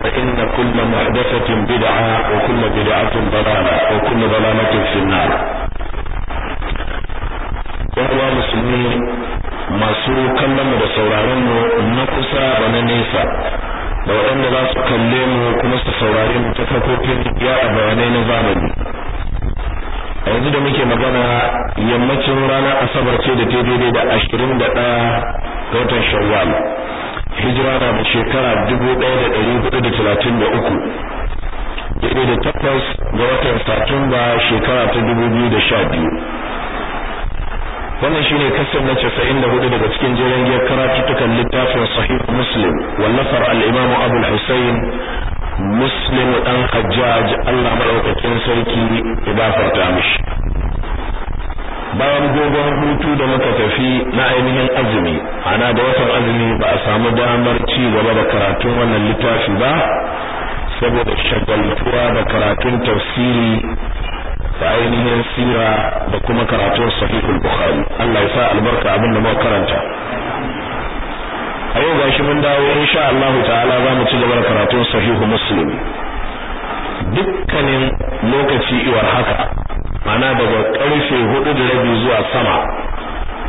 فإن كل محدثة بدعة وكل بدعة ضلالة وكل ضلالة في النار يقوى مسلمين masu kallon mu da sauraron mu na kusa da na nesa da waɗanda za su kalle mu kuma su saurare mu ta kafofin yaɗa bayanai na zamani a yanzu da muke magana yammacin ranar asabar ce da ta daidai da ashirin da ɗaya ga watan shawwal hijira na da shekara dubu ɗaya da hudu da talatin da uku da takwas ga watan satumba shekara ta dubu biyu da sha biyu wannan shine kasar na casa'in da daga cikin jerin giyar karatuttukan littafin sahih muslim wallafar al'imamu abul hussein muslim dan hajjaj allah maɗaukakin sarki ya gafarta mishi bayan dogon hutu da muka tafi na ainihin azumi ana da watan azumi ba a samu damar ci gaba da karatun wannan littafi ba saboda shagaltuwa da karatun tafsiri da ainihin sira da kuma karatun sahihul bukhari Allah ya sa albarka abin da muka karanta a yau gashi mun dawo insha Allah ta'ala za mu ci gaba da karatun sahihu muslim dukkanin lokaci iwar haka mana daga karfe hudu da rabi zuwa sama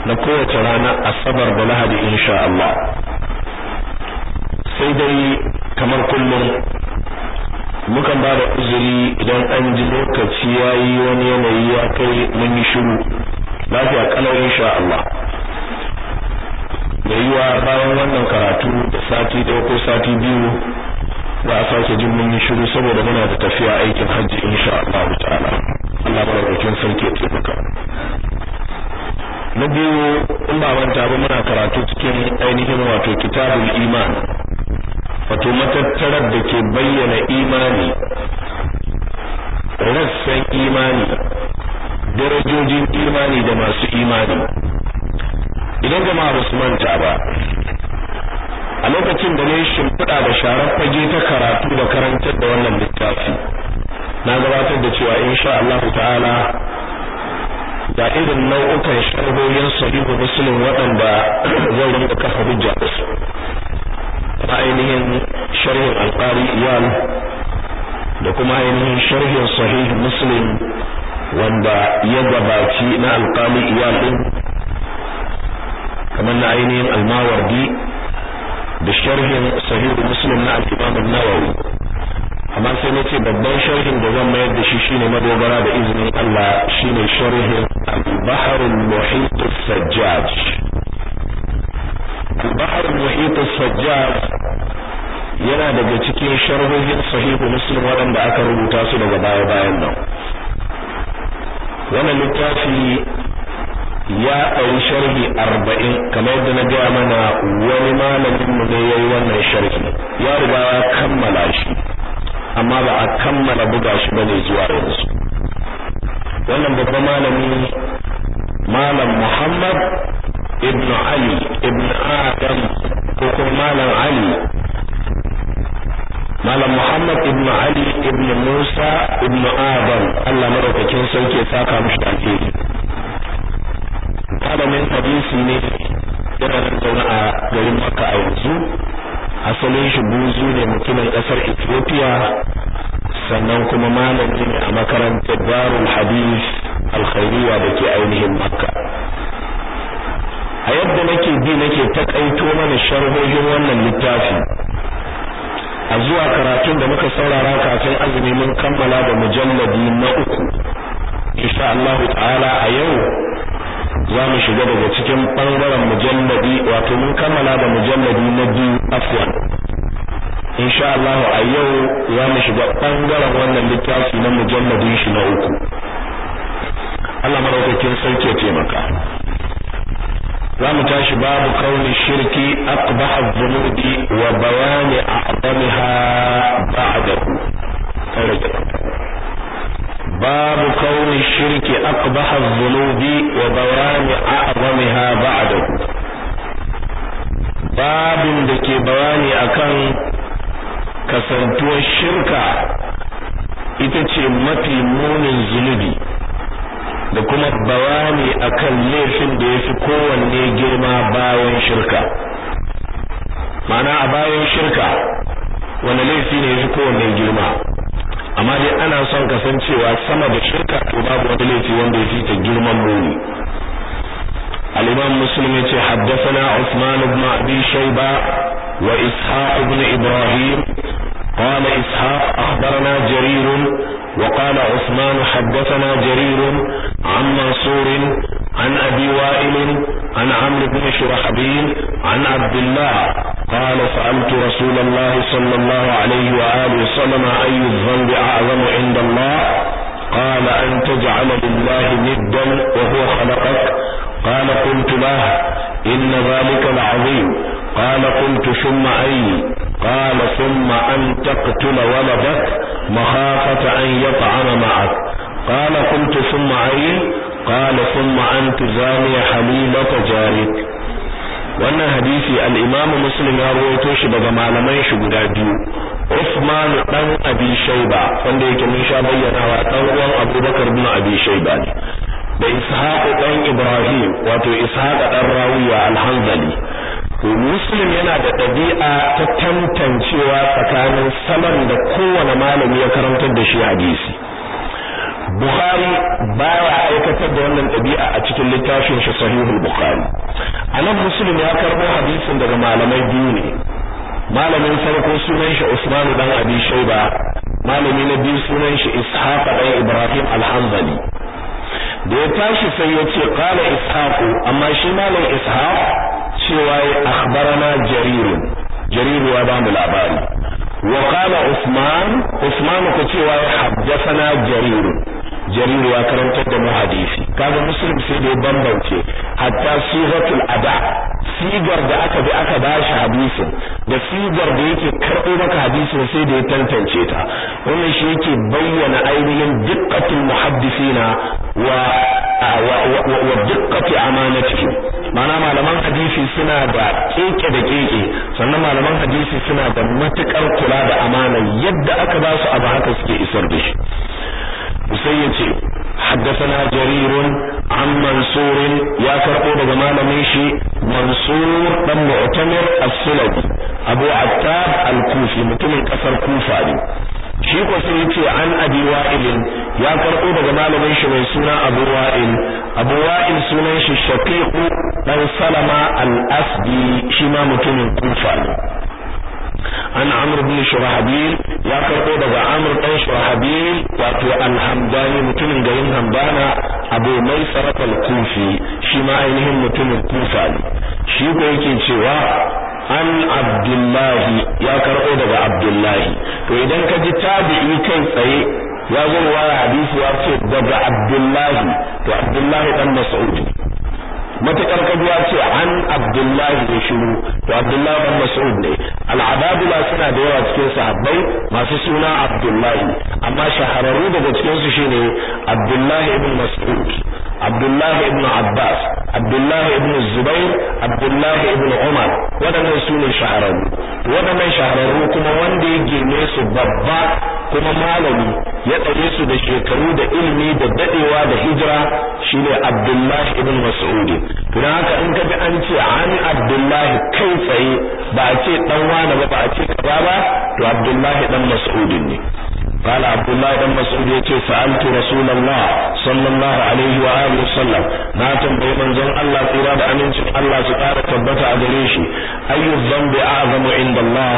na kowace rana asabar da lahadi insha Allah sai dai kamar kullum mukan ba da uzuri idan an ji lokaci ya yi wani yanayi ya kai mun yi shiru lafiya kalar insha Allah da yiwa bayan wannan karatu da sati ɗaya ko sati biyu za a sake jin mun yi shiru saboda muna da tafiya aikin hajji insha Allah ta'ala Allah kin sarki ya taimaka na biyu in ba manta ba muna karatu cikin ainihin wato kitabul iman wato matattarar da ke bayyana imani rassan imani darajojin imani da masu imani idan jama'a ba su manta ba a lokacin da ne shimfiɗa da sharar fage ta karatu da karantar da wannan littafi na gabatar da cewa insha Allah ta'ala da irin nau'ukan sharhohin sahihu muslim waɗanda zan rinka kafa hujja da su ta ainihin sharhin alƙari iyal da kuma ainihin sharhin sahih muslim wanda ya gabaci na alƙali iyal ɗin kamar na ainihin almawardi da sharhin sahih muslim na al-imam an-nawawi amma sai na ce babban sharhin da zan mayar da shi shine madogara da izinin Allah shine sharhin al-bahr al-muhit as-sajjaj al-bahr al-muhit as-sajjaj yana daga cikin sharhohin sahihu muslim wanda aka rubuta su daga baya bayan nan wannan littafi ya ɗari sharhi arba'in kamar yadda na gaya mana wani malamin mu ne ya yi wannan sharhi ya riga ya kammala shi amma ba a kammala buga shi ba ne zuwa yanzu wannan babban malami malam muhammad ibn ali ibn adam ko kuma malam ali malam muhammad ibn ali ibn musa ibn adam allah madaukakin sauke saka mishi alheri malamin hadisi ne yana zaune a garin makka a yanzu asalin shi buzu ne mutumin kasar Ethiopia sannan kuma malamin ne a makarantar Darul Hadith alkhairiwa da ke ainihin Makka a yadda nake bi nake takaito mana sharhohin wannan littafi a zuwa karatun da muka saurara kafin azumi mun kammala da mujalladi na uku insha Allah ta'ala a yau za mu shiga daga cikin ɓangaren mujalladi wato mun kammala da mujalladi na biyu afwan insha Allah a yau za mu shiga ɓangaren wannan littafi na mujalladin shi na uku Allah madaukakin sarki ya taimaka za mu tashi babu kauni shirki aqbaha dhunubi wa bayani a'zamiha ba'dahu باب كون الشرك أقبح الذنوب وبوان أعظمها بعد باب دكي بواني أكن كسنتو الشركة itace mafi munin zunubi da kuma bawani akan laifin da ya fi kowanne girma bayan shirka ma'ana a bayan shirka wani laifi ne ya fi kowanne girma amma dai ana son ka san cewa sama da shirka to babu wani laifi wanda ya ta girman muni al-imam muslim yace haddathana usman ibn abi shayba wa ishaq ibn ibrahim قال إسحاق أخبرنا جرير وقال usman حدثنا جرير عن منصور عن أبي وائل عن عمرو بن شرحبيل عن عبد الله قال سألت رسول الله صلى الله عليه وآله وسلم أي الذنب أعظم عند الله قال أن تجعل لله ندا وهو خلقك قال قلت له إن ذلك العظيم قال قلت ثم أي قال ثم أن تقتل ولدك مخافة أن يطعن معك قال قلت ثم أي قال ثم أن تزاني حليمة جارك wannan hadisi al-Imam Muslim ya rawaito shi daga malaman shi guda biyu Usman dan Abi Shayba wanda yake mun sha bayyanawa dan uwan Abu Bakar bin Abi Shayba ne da Ishaq dan Ibrahim wato Ishaq dan Rawiya al-Hanzali Muslim yana da dabi'a ta tantancewa tsakanin salon da kowane malami ya karantar da shi hadisi bukhari baya aikatar da wannan ɗabi'a a cikin littafin shi sahihul bukhari anan muslim ya karbo hadisin daga malamai biyu ne malamin farko sunan shi usman dan abi shayba malami na biyu sunan shi ishaq dan ibrahim al-hanbali da ya tashi sai ya ce qala ishaq amma shi malam ishaq cewa ya akhbarana jarir jarir ya ba mu labari wa qala usman usman ku cewa jariru ya karantar da mu hadisi kaga muslim sai da ya bambance hatta sigatul ada sigar da aka bi aka bashi hadisin da sigar da yake karɓo maka hadisin sai da ya tantance ta wannan shi yake bayyana ainihin diqqatul muhaddisina wa wa diqqati amanatihim ma'ana malaman hadisi suna da keke da keke sannan malaman hadisi suna da matukar kula da amana yadda aka ba su abu haka suke isar da shi sai ya ce حدثنا جرير عن منصور يا كربو دغما لميشي منصور بن معتمر السلمي ابو عتاب الكوفي متمن كسر كوفه دي shi ko yace an abi wa'il ya karbo daga malamin shi mai suna abu wa'il abu wa'il sunan shi shaqiq dan salama al-asdi shi ma mutumin kufa an amr bin shurahabil ya karɓo daga amr ɗan shurahabil wato alhamdani mutumin garin hambana abu mai sarafal kufi shi ma ainihin mutumin kufa ne shi ko yake cewa an abdullahi ya karɓo daga abdullahi to idan ka ji tabi'i kai tsaye ya zo wa hadisi ya ce daga abdullahi to abdullahi dan mas'ud matakar kaduwa ce an abdullahi ne shiru to abdullahi ban mas'ud ne al'ababula suna da yawa cikin sahabbai masu suna abdullahi amma shahararru daga cikin su shine abdullahi ibn mas'ud abdullahi ibn abbas abdullahi ibn zubair abdullahi ibn umar waɗannan su ne shahararru waɗannan shahararru kuma wanda ya girme su babba kuma malami ya tsare su da shekaru da ilimi da daɗewa da hijira shine abdullahi ibn mas'ud to haka in kaji an ce an abdullahi kai tsaye ba a ce dan wani ba ba a ce kaba ba to abdullahi dan mas'ud ne قال عبد الله بن مسعود يتي سألت رسول الله صلى الله عليه وآله وسلم ما تنبي من زن الله قراد أن ينسب الله سكارة تبت أدريشي أي الذنب أعظم عند الله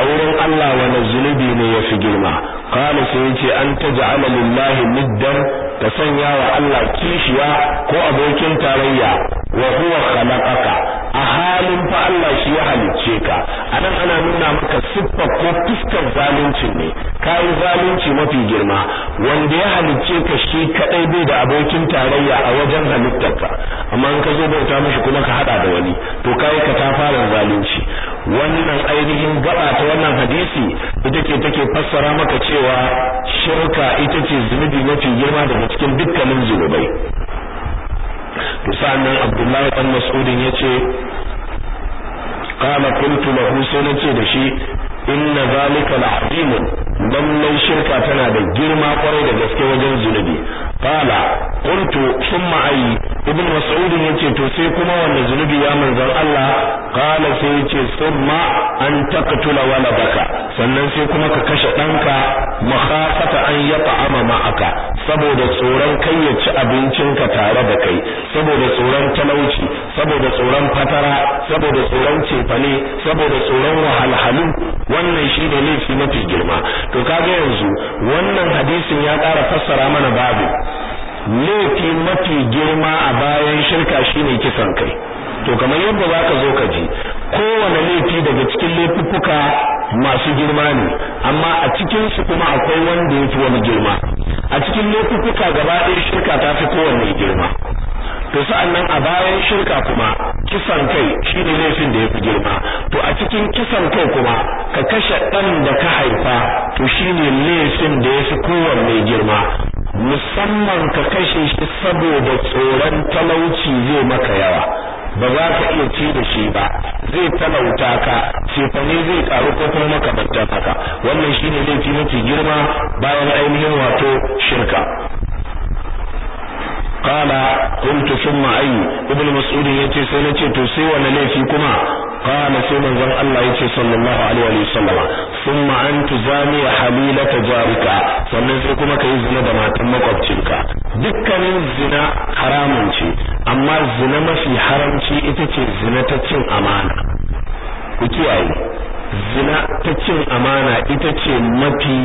أولا الله ونزل بيني في جرمه قال سيتي أن تجعل لله ندا ka sanya wa Allah kishiya ko abokin tarayya wa huwa khalaqaka a halin fa Allah shi ya halicce ka anan ana nuna maka siffa ko fuskar zalunci ne kai zalunci mafi girma wanda ya halicce ka shi kadai bai da abokin tarayya a wajen halittarka amma in ka zo bauta mishi kuma ka hada da wani to kai ka ta fara zalunci wannan ainihin gaba ta wannan hadisi ita ce take fassara maka cewa shirka ita ce zunubi mafi girma da cikin dukkanin zunubai to sa'annan abdullahi dan mas'udin yace qala kuntu lahu sai nace da shi inna zalika la'azim lallai shirka tana da girma kwarai da gaske wajen zunubi qala kuntu thumma ay ibn mas'ud yace to sai kuma wannan zunubi ya manzon Allah qala sai yace thumma an taqtula waladaka sannan sai kuma ka kashe ɗanka makhafata an yata'ama ma'aka saboda tsoron kai ya ci abincinka tare da kai saboda tsoron talauci saboda tsoron fatara saboda tsoron cefane saboda tsoron wahalhalu wannan shi ne laifi mafi girma to kaga yanzu wannan hadisin ya ƙara fassara mana babu laifi mafi girma a bayan shirka shine kisan kai to kamar yadda za ka zo ka ji kowane laifi daga cikin laifuka masu girma ne amma a cikinsu kuma akwai wanda ya fi wani girma a cikin laifuka gaba ɗaya shirka ta fi kowanne girma to sa'annan a bayan shirka kuma kisan kai shi ne laifin da ya fi girma to a cikin kisan kai kuma ka kashe ɗan da ka haifa to shi ne laifin da ya fi kowanne girma musamman ka kashe shi saboda tsoron talauci zai maka yawa ba za ka iya ci da shi ba zai talauta ka cefane zai karu ko kuma makabarta haka wannan shine laifi mafi girma bayan ainihin wato shirka qala kuntu summa ay ibnu mas'ud yace sai nace to sai wani laifi kuma qala sai manzon Allah yace sallallahu alaihi wa sallama thumma an tuzani halilata jarika sannan sai kuma kai zina da matan makwabcinka dukkanin zina haramun ce amma zina mafi haramci ita ce zina ta cin amana ku kiyaye zina ta cin amana ita ce mafi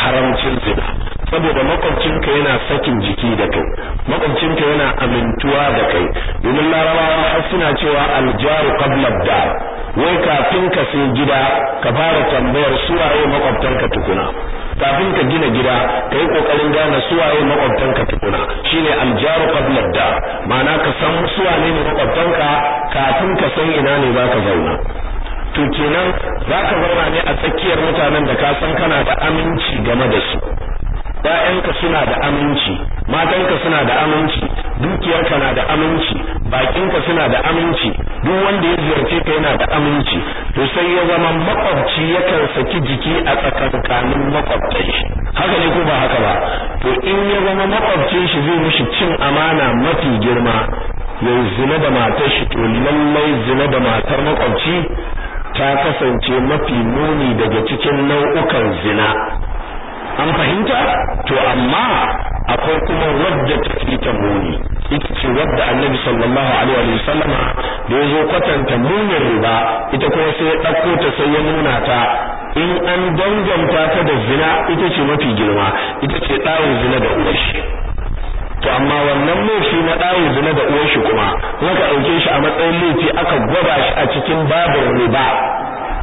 haramcin zina saboda makwabcinka yana sakin jiki da kai makwabcinka yana amintuwa da kai domin larabawa har suna cewa aljaru qabla da wai kafin ka sai gida ka fara tambayar suwaye makwabtanka tukuna kafin ka gina gida ka yi kokarin gane suwaye makwabtanka tukuna shine aljaru qabla da ma'ana ka san suwaye ne makwabtanka kafin ka san ina ne zaka zauna to kenan zaka zauna ne a tsakiyar mutanen da ka san kana da aminci game da su ‘ya'yanka suna da aminci matanka suna da aminci dukiyarka na da aminci bakinka suna da aminci duk wanda ya ziyarce ka yana da aminci to sai ya zama makwabci yakan saki jiki a tsakankanin makwabtan haka ne ko ba haka ba to in ya zama makwabcin shi zai mishi cin amana mafi girma ya zina da matar shi to lallai zina da matar makwabci ta kasance mafi muni daga cikin nau'ukan zina an fahimta to amma akwai kuma wadda ta fi ta muni ita ce wadda annabi sallallahu alaihi wa sallama da ya zo kwatanta munin riba ita kuma sai ya ɗauko ta sai ya nuna ta in an danganta ta da zina ita ce mafi girma ita ce ɗawin zina da uwashi to amma wannan laifi na ɗawin zina da uwashi kuma zaka ɗauke shi a matsayin laifi aka gwada shi a cikin babin riba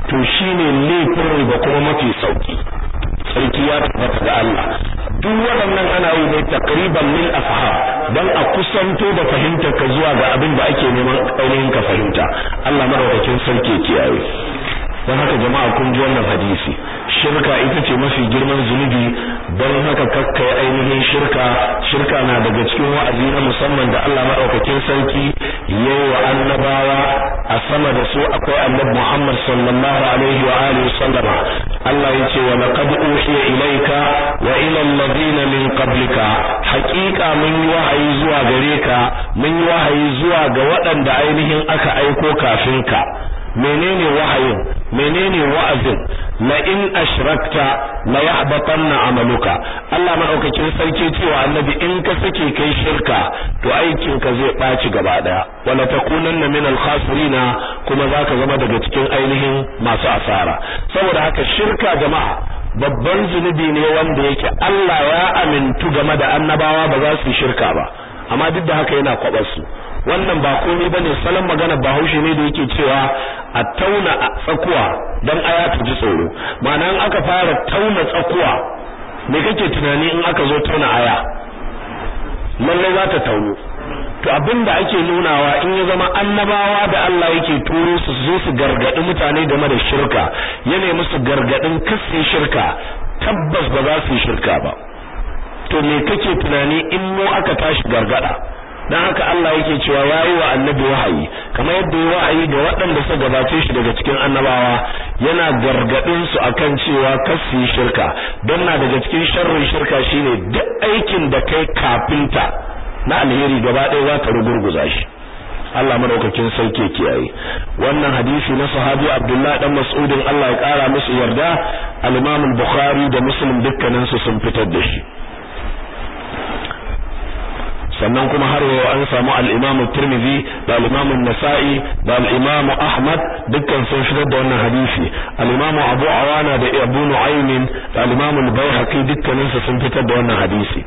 to shine laifin riba kuma mafi sauki sarki ya tabbata ga Allah duk waɗannan ana yi ne takriban mil afham dan a kusanto da fahimtar ka zuwa ga abin da ake neman ainihin ka fahimta Allah madaukakin sarki kiyaye don haka jama'a kun ji wannan hadisi shirka ita ce mafi girman zunubi don haka kakka ya ainihin shirka shirka na daga cikin wa'azi na musamman da Allah maɗaukakin sarki yau wa annabawa a sama da su akwai annabi Muhammad sallallahu alaihi wa alihi wa sallama Allah ya ce wa laqad uhiya ilayka wa ila alladhina min qablika haqiqa mun yi wahayi zuwa gare ka mun yi wahayi zuwa ga waɗanda ainihin aka aiko kafin ka menene wahayin menene wa'azin la in ashrakta la yahbatanna amaluka Allah madaukakin sarki cewa annabi in ka sake kai shirka to aikin ka zai baci gaba daya wala takunanna min al-khasirina kuma zaka zama daga cikin ainihin masu asara saboda haka shirka jama'a babban zunubi ne wanda yake Allah ya amintu game da annabawa ba za su shirka ba amma duk da haka yana kwabar su wannan ba komai bane salon magana bahaushe ne da yake cewa a tauna tsakuwa dan aya ta ji tsoro ma'ana in aka fara tauna tsakuwa me kake tunani in aka zo tauna aya lallai za ta taunu to abinda ake nunawa in ya zama annabawa da Allah yake turo su zo su gargadi mutane da da shirka yana musu gargadin kasse shirka tabbas ba za su yi shirka ba to me kake tunani in mu aka tashi gargada dan haka Allah yake cewa yayi wa annabi wahayi kamar yadda ya wahayi ga waɗanda suka gabace shi daga cikin annabawa yana gargadin su akan cewa kar su yi shirka don na daga cikin sharrin shirka shine duk aikin da kai kafinta na alheri gaba ɗaya za ka rugurguza shi Allah madaukakin sauke kiyaye wannan hadisi na sahabi Abdullah dan Mas'udin Allah ya kara musu yarda al-Imam bukhari da Muslim dukkanin su sun fitar da shi sannan kuma har yau an samu al-Imam Tirmidhi da al-Imam Nasa'i da al-Imam Ahmad dukkan sun shigar da wannan hadisi al-Imam Abu Awana da Abu Nu'aym da al-Imam al-Baihaqi sun fitar da wannan hadisi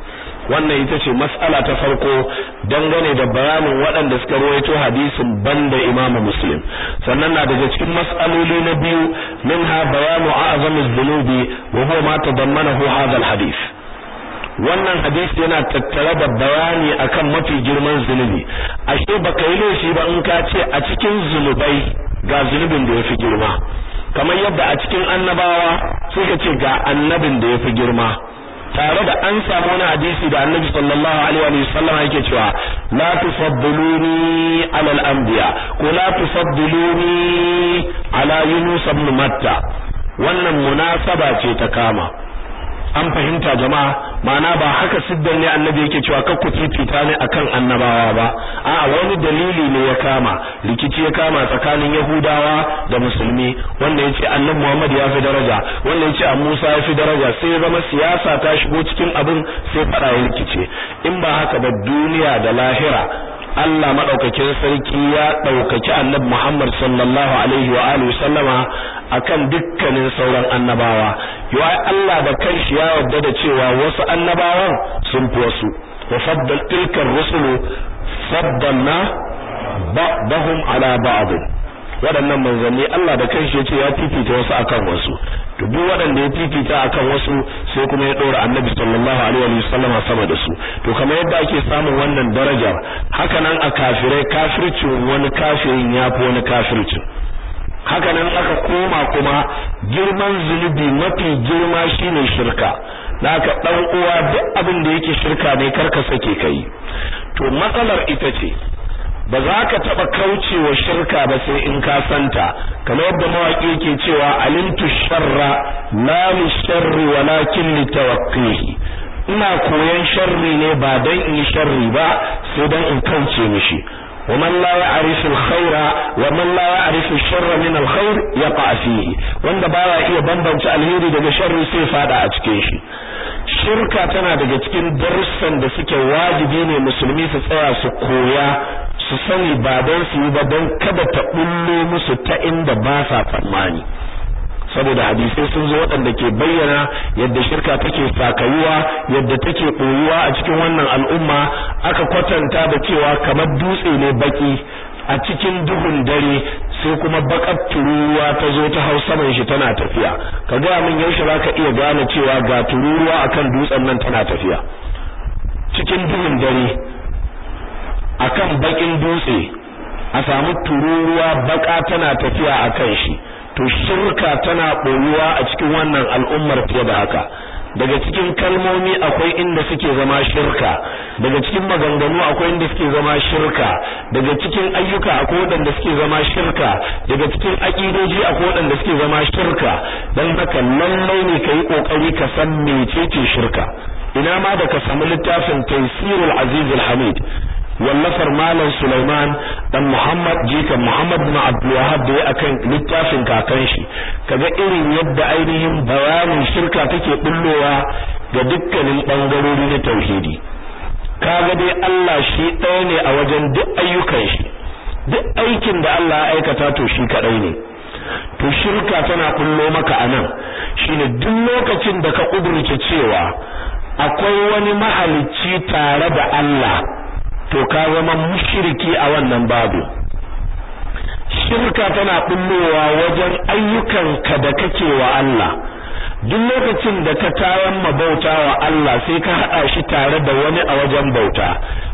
wannan ita ce mas'ala ta farko dangane da bayanin waɗanda suka rawaito hadisin banda Imam Muslim sannan na daga cikin mas'aloli na biyu ha bayanu a'zamu dhunubi wa huwa ma tadammanahu hadha al-hadith wannan hadisi yana tattare da bayani akan mafi girman zunubi ashe baka yi laifi ba in ka ce a cikin zunubai ga zunubin da yafi girma kamar yadda a cikin annabawa sai ka ce ga annabin da yafi girma tare da an samu wani hadisi da annabi sallallahu alaihi wa sallam yake cewa la tufaddiluni ala al-anbiya ko la tufaddiluni ala yunus ibn matta wannan munasaba ce ta kama an fahimta jama'a ma'ana ba haka siddan ne annabi yake cewa kar ku fifita ne akan annabawa ba a'a wani dalili ne ya kama rikici ya kama tsakanin yahudawa da musulmi wanda ya ce annabi Muhammad ya fi daraja wanda ya ce a Musa ya fi daraja sai ya zama siyasa ta shigo cikin abin sai fara rikice in ba haka ba duniya da lahira Allah maɗaukacin sarki ya ɗaukaci annabi Muhammad sallallahu alaihi wa alihi sallama akan dukkanin sauran annabawa yayi Allah da kanshi ya yarda da cewa wasu annabawan sun fi wasu wa faddal tilka rusulu faddalna ba'dahum ala ba'd waɗannan manzanni Allah da kanshi yace ya fifita wasu akan wasu to duk waɗanda ya fifita akan wasu sai kuma ya ɗora annabi sallallahu alaihi wa sallama sama da su to kamar yadda ake samun wannan darajar haka nan a kafirai kafircin wani kafirin ya fi wani kafircin haka nan aka koma kuma girman zunubi mafi girma shine shirka naka ɗan uwa duk abin da yake shirka ne karka sake kai to matsalar ita ce ba za ka taɓa kaucewa shirka ba sai in ka santa kamar yadda mawaƙi yake cewa alimtu sharra la li sharri walakin li tawaqqihi ina koyan sharri ne ba dan in sharri ba sai dan in kauce mishi wa man la ya'rifu al-khaira wa man la ya'rifu sharra min wanda baya iya bambance alheri daga sharri sai fada a cikin shi shirka tana daga cikin darussan da suke wajibi ne musulmi su tsaya su koya su sani ba don su yi ba don kada ta bullo musu ta inda ba sa tsammani saboda hadisai sun zo waɗanda ke bayyana yadda shirka take sakayuwa yadda take koyuwa a cikin wannan al'umma aka kwatanta da cewa kamar dutse ne baki a cikin duhun dare sai kuma bakar tururuwa ta zo ta hau saman shi tana tafiya ka gaya min yaushe za ka iya gane cewa ga tururuwa akan dutsen nan tana tafiya cikin duhun dare akan bakin dutse a samu tururuwa baka tana tafiya a kan shi to shirka tana ɓoyuwa a cikin wannan al'ummar fiye da haka daga cikin kalmomi akwai inda suke zama shirka daga cikin maganganu akwai inda suke zama shirka daga cikin ayyuka akwai waɗanda suke zama shirka daga cikin aƙidoji akwai waɗanda suke zama shirka don haka lallai ne ka yi ƙoƙari ka san mecece shirka ina ma da ka samu littafin tafsirul azizul hamid wallafar malam Sulaiman dan Muhammad jikan Muhammad bin Abdul Wahab da akan littafin kakan shi kaga irin yadda ainihin bayanin shirka take bullowa ga dukkanin bangarori na tauhidi kaga dai Allah shi ɗaya ne a wajen duk ayyukan shi duk aikin da Allah ya aikata to shi kadai ne to shirka tana kullo maka anan shine duk lokacin da ka kudurce cewa akwai wani mahalicci tare da Allah to ka zama mushriki a wannan babu shirka tana bullowa wajen ayyukanka da kake wa Allah duk lokacin da ka ma bauta wa Allah sai ka hada shi tare da wani a wajen bauta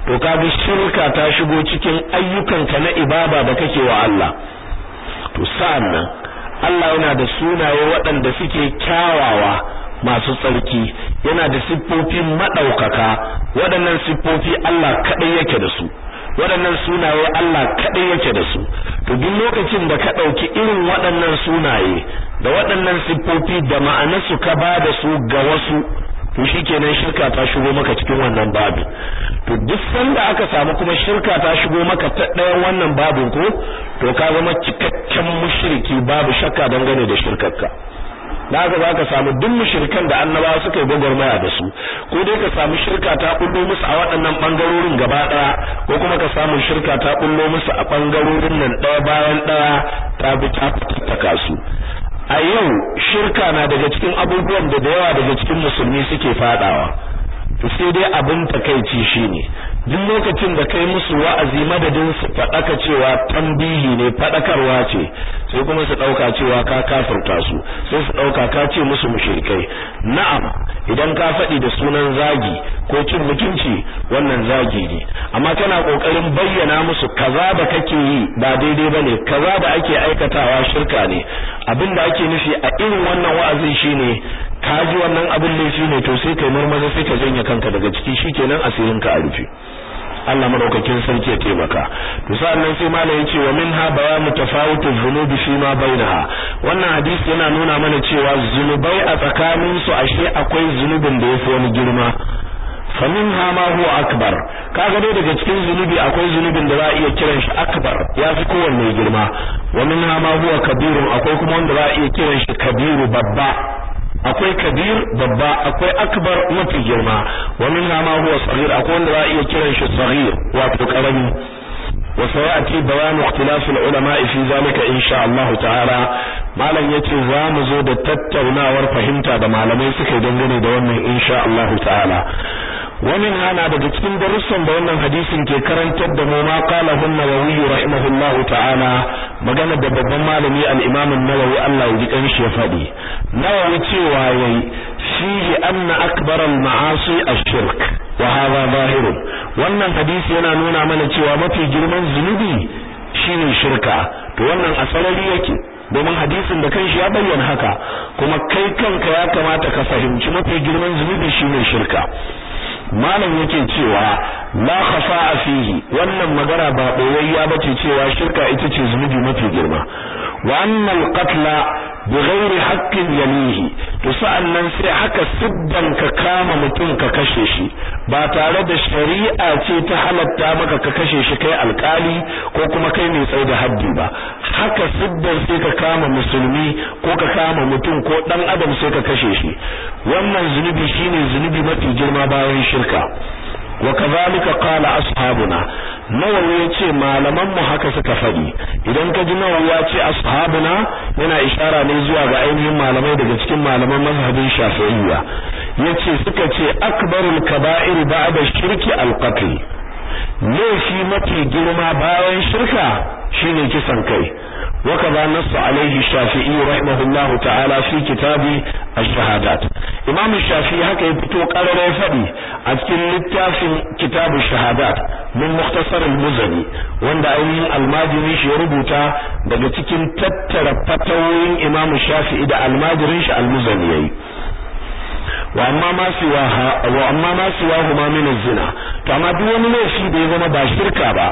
to ka ga shirka ta shigo cikin ayyukanka na ibada da kake wa Allah to sa'annan Allah yana da sunaye waɗanda suke kyawawa masu tsarki yana da siffofi madaukaka waɗannan siffofi Allah kadai yake da su waɗannan sunaye Allah kadai yake da su to duk lokacin da ka dauki irin waɗannan sunaye da waɗannan siffofi da ma'anarsu ka ba da su ga wasu to shikenan shirka ta shigo maka cikin wannan babu to duk sanda aka samu kuma shirka ta shigo maka ta ɗayan wannan babu ko to ka zama cikakken mushriki babu shakka dangane da shirkarka da haka za ka samu duk mushrikan da annabawa suka yi gwagwarmaya da su ko dai ka samu shirka ta bullo musu a waɗannan bangarorin gaba ɗaya ko kuma ka samu shirka ta bullo musu a bangarorin nan ɗaya bayan ɗaya ta bi ta fitattaka su a yau shirka na daga cikin abubuwan da da yawa daga cikin musulmi suke faɗawa sai dai abin takaici shine duk lokacin da kai musu wa'azi madadin su faɗaka cewa tambihi ne faɗakarwa ce sai kuma su ɗauka cewa ka kafirta su sai su ɗauka ka ce musu mushrikai na'am idan ka faɗi da sunan zagi ko cin mutunci wannan zagi ne amma kana kokarin bayyana musu kaza da kake yi ba daidai bane kaza da ake aikatawa shirka ne abinda ake nufi a irin wannan wa'azin shine ka ji wannan abin laifi ne to sai kai marmaza sai ka janye kanka daga ciki shikenan asirin ka a rufe Allah madaukakin sarki ya taimaka to sa'annan sai ya ce wa minha bayanu tafawutu dhunubi fi ma bainaha wannan hadisi yana nuna mana cewa zunubai a tsakanin su ashe akwai zunubin da yafi wani girma faminha ma huwa akbar kaga dai daga cikin zunubi akwai zunubin da za a iya kiran shi akbar yafi kowanne girma wa minha ma huwa kabirun akwai kuma wanda za a iya kiran shi kabiru babba akwai kabir babba akwai akbar mafi girma wani minha ma huwa saghir akwai wanda za a iya kiran shi saghir wato karami wa sayati bayan ikhtilaf ulama fi zalika insha Allah ta'ala malam yace za mu zo da tattaunawar fahimta da malamai suka dangane da wannan insha Allah ta'ala ومن هنا daga cikin darussan da wannan hadisin ke karantar da mu ma qala hun nawawi rahimahullahu ta'ala magana da babban malami al-imam an-nawawi Allah ya ji kanshi ya fadi nawawi cewa yayi fihi anna akbar al-ma'asi ash-shirk wa hadha zahir wannan hadisi yana nuna mana cewa mafi girman zunubi shine shirka to wannan asarari yake domin hadisin da kanshi ya bayyana haka kuma kai kanka ya kamata ka fahimci mafi girman zunubi shine shirka malam yake cewa la khafa'a fihi wannan magana ba boyayya bace cewa shirka ita ce zunubi mafi girma wa katla al-qatla bighairi haqqin yalihi to sa'annan sai haka siddan ka kama mutum ka kashe shi ba tare da shari'a ce ta halatta maka ka kashe shi kai alkali ko kuma kai mai tsaida da haddi ba haka siddan sai ka kama musulmi ko ka kama mutum ko dan adam sai ka kashe shi wannan zunubi shine zunubi mafi girma bayan shirka shirka wa kadhalika qala ashabuna nawawi yace malaman mu haka suka faɗi idan ka ji nawawi ya ce ashabuna yana ishara ne zuwa ga ainihin malamai daga cikin malaman mazhabin shafi'iyya yace suka ce akbarul kaba'ir ba'da shirki al me shi mafi girma bayan shirka shine kisan kai wakaza nasu alaihi shafi'i rahimahullahu ta'ala fi kitabi ash-shahadat Imamin shafi'i haka ya fito karare fadi a cikin littafin kitabu shahadat min mukhtasar al-muzani wanda ayi al-majrin shi rubuta daga cikin tattara fatawoyin Imamin shafi'i da al-majrin shi al-muzani yayi wa amma ma siwa huma min zina to amma duk wani laifi da ya zama ba shirka ba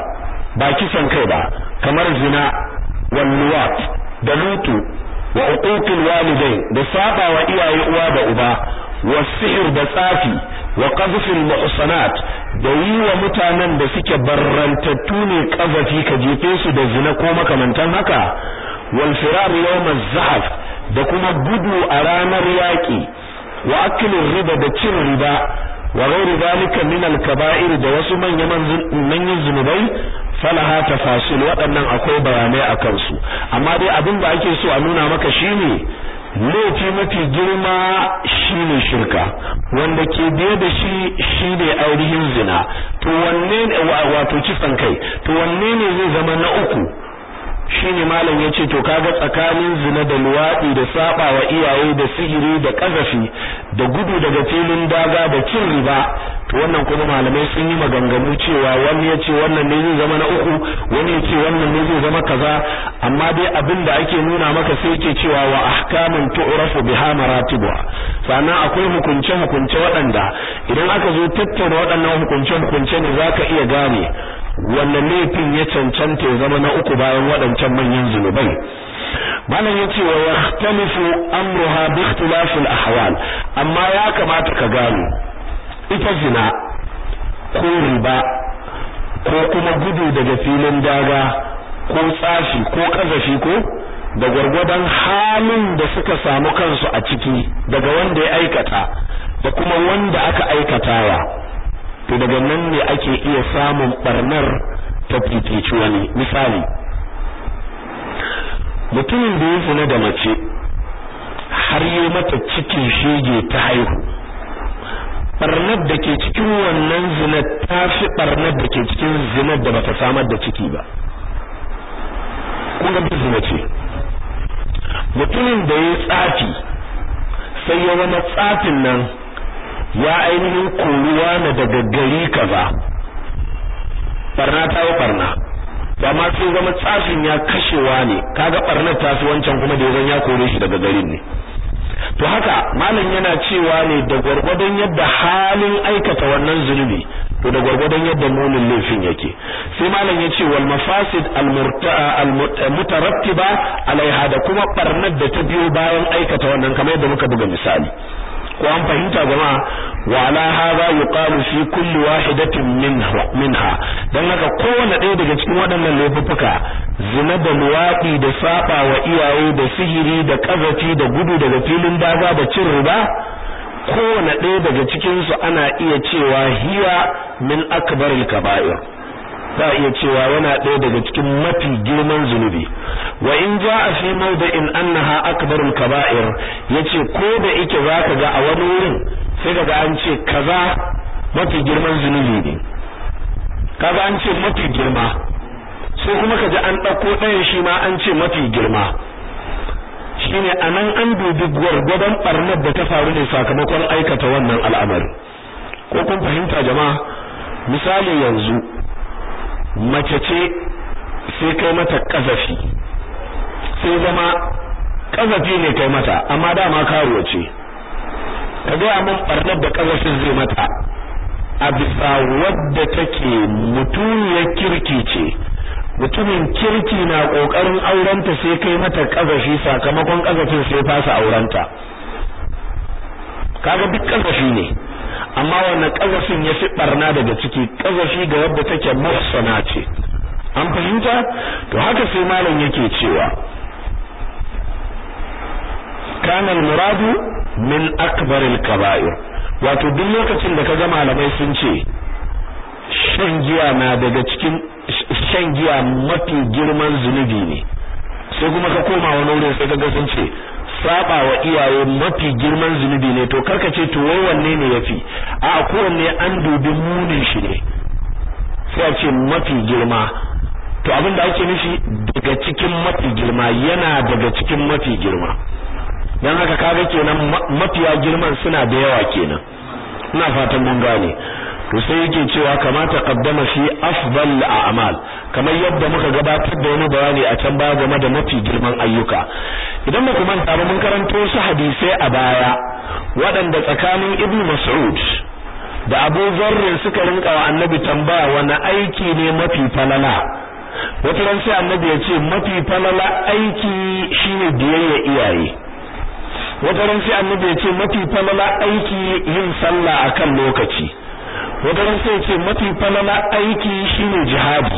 ba kisan kai ba kamar zina wal luwat da lutu wa uquqil walidain da saba wa iyaye uwa da uba wa sihr da tsafi wa qazfil muhsanat da yi wa mutanen da suke barrantattu ne kazafi ka jefe su da zina ko makamantan haka wal firar yawm az da kuma gudu a ranar yaƙi wa riba da cin riba wa gairi zalika min al-kaba'ir da wasu manyan zunubai falaha tafasil waɗannan akwai bayanai a kansu amma dai abin da ake so a nuna maka shine laifi mafi girma shine shirka wanda ke biye da shi shine ainihin zina to wanne wato kisan kai to wanne ne zai zama na uku shine malam ya ce to kaga tsakanin zina da luwaɗi da saba wa iyaye da sihiri da kazafi da gudu daga filin daga da cin riba to wannan kuma malamai sun yi maganganu cewa wani yace wannan ne zai zama na uku wani yace wannan ne zai zama kaza amma dai abin da ake nuna maka sai yake cewa wa ahkamun tu'rafu biha maratibu. sannan akwai hukunce hukunce waɗanda idan aka zo tattauna waɗannan hukunce hukunce ne zaka iya gane wanda laifin ya cancanta ya zama na uku bayan waɗancan manyan zunubai malam yace wa yahtalifu amruha bi ikhtilafil ahwal amma ya kamata ka gano ita zina ko riba ko kuma gudu daga filin daga ko tsafi ko kazafi ko da gwargwadon halin da suka samu kansu a ciki daga wanda ya aikata da kuma wanda aka aikatawa to daga nan ne ake iya samun barnar ta perpetually misali mutumin da ya zina da mace har yi mata cikin shege ta haihu barnar da ke cikin wannan zinar ta fi barnar da ke cikin zinar da bata samar da ciki ba kuma zina ce mutumin da ya tsafi sai ya zama tsafin nan ya ainihin koruwa na daga gari kaza barna ta yi barna da ma sai zama tsafin ya kashewa ne kaga ɓarnar ta su wancan kuma da yazan ya kore shi daga garin ne to haka malam yana cewa ne da gwargwadon yadda halin aikata wannan zunubi to da gwargwadon yadda munin laifin yake sai malam ya ce wal mafasid al ba alaiha da kuma ɓarnar da ta biyo bayan aikata wannan kamar yadda muka buga misali ko an fahimta jama'a wa ala hada yuqalu fi kulli wahidatin minha minha dan haka kowanne ɗaya daga cikin waɗannan laifuffuka zina da luwaɗi da saba wa iyaye da sihiri da kazafi da gudu daga filin daga da cin riba kowanne ɗaya daga cikin su ana iya cewa hiya min akbaril kaba'ir za iya cewa yana ɗaya daga cikin mafi girman zunubi wa in a fi in annaha akbarul kaba'ir yace ko da yake zaka ga a wani wurin sai daga an ce kaza mafi girman zunubi ne kaza an ce mafi girma sai kuma ka ji an ɗauko ɗayan shi ma an ce mafi girma shine anan an dubi gwargwadon ɓarnar da ta faru ne sakamakon aikata wannan al'amari ko kun fahimta jama'a misali yanzu mace ce sai kai mata kazafi sai zama kazafi ne kai mata amma dama karuwa ce ka gaya min barnar da kazafin zai mata a bisa wadda take mutumiyar kirki ce mutumin kirki na ƙoƙarin aurenta sai kai mata kazafi sakamakon kazafin sai fasa aurenta kaga duk kazafi ne amma wannan kazafin ya fi barna daga ciki kazafi ga wadda take muhsana ce an fahimta to haka sai malam yake cewa kana al-muradu min akbar al-kaba'ir wato duk lokacin da kaga malamai sun ce shan giya na daga cikin shan giya mafi girman zunubi ne sai kuma ka koma wani wurin sai kaga sun ce saba wa iyaye mafi girman zunubi ne to karka ce to wai wanne ne yafi a kowanne an dubi munin shi ne sai a ce mafi girma to abin da ake nufi daga cikin mafi girma yana daga cikin mafi girma dan haka kaga kenan mafiya girman suna da yawa kenan ina fatan mun gane to sai yake cewa kamata kaddama fi afdal a'mal kamar yadda muka gabatar da wani bayani a can baya game da mafi girman ayyuka idan muka manta ba mun karanto su hadisai a baya waɗanda tsakanin ibnu mas'ud da Abu Zarr suka rinka wa Annabi tambaya wani aiki ne mafi falala wata ran sai Annabi ya ce mafi falala aiki shine biyayya iyaye wata ran sai Annabi ya ce mafi falala aiki yin sallah akan lokaci wadannan sai ce mafi falala aiki shine jihadi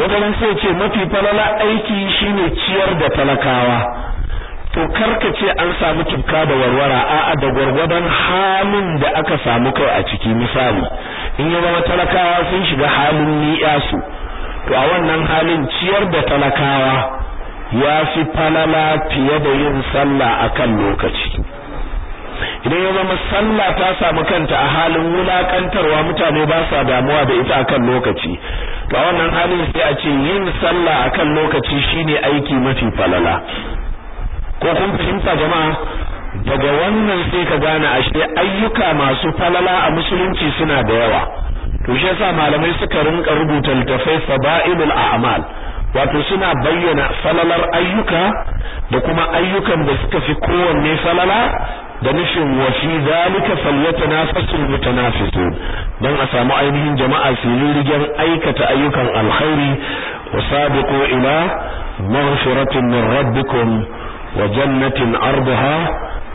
wadannan sai ce mafi falala aiki shine ciyar da talakawa to karka ce an samu kifka da warwara a'a da gwargwadon halin da aka samu kai a ciki misali in ya zama talakawa sun shiga halin ni'yasu to a wannan halin ciyar da talakawa ya fi falala fiye da yin sallah akan lokaci idan ya zama sallah ta samu kanta a halin wulakantarwa mutane ba sa damuwa da ita akan lokaci to wannan halin sai a ce yin sallah akan lokaci shine aiki mafi falala ko kun fahimta jama'a daga wannan sai ka gane ashe ayyuka masu falala a musulunci suna da yawa to shi yasa malamai suka rinka rubuta littafai fadailul a'mal wato suna bayyana falalar ayyuka da kuma ayyukan da suka fi kowanne falala da nufin na fi zalika falyatanafasul mutanafisun don a samu ainihin jama'a filin aikata ayyukan alkhairi wa sabiqu ila maghfiratin min rabbikum wa jannatin arduha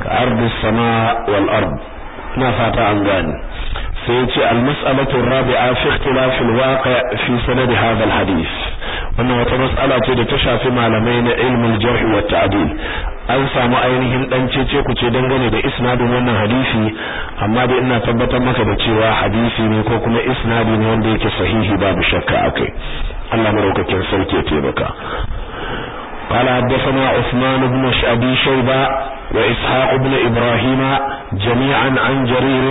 ka ardi samaa wal ard na fata an gane sai ce al rabi'a fi ikhtilaf al waqi' fi sanad hadha al hadith wannan wata mas'ala ce da ta shafi malamai na ilmin jarh wa ta'dil an samu ainihin dan cece ku ce dangane da isnadin wannan hadisi amma dai ina tabbatar maka da cewa hadisi ne ko kuma isnadi ne wanda yake sahihi babu shakka akai Allah maraukakin sarki ya taimaka قال حدثنا عثمان بن أبي شيبة وإسحاق بن إبراهيم جميعا عن جرير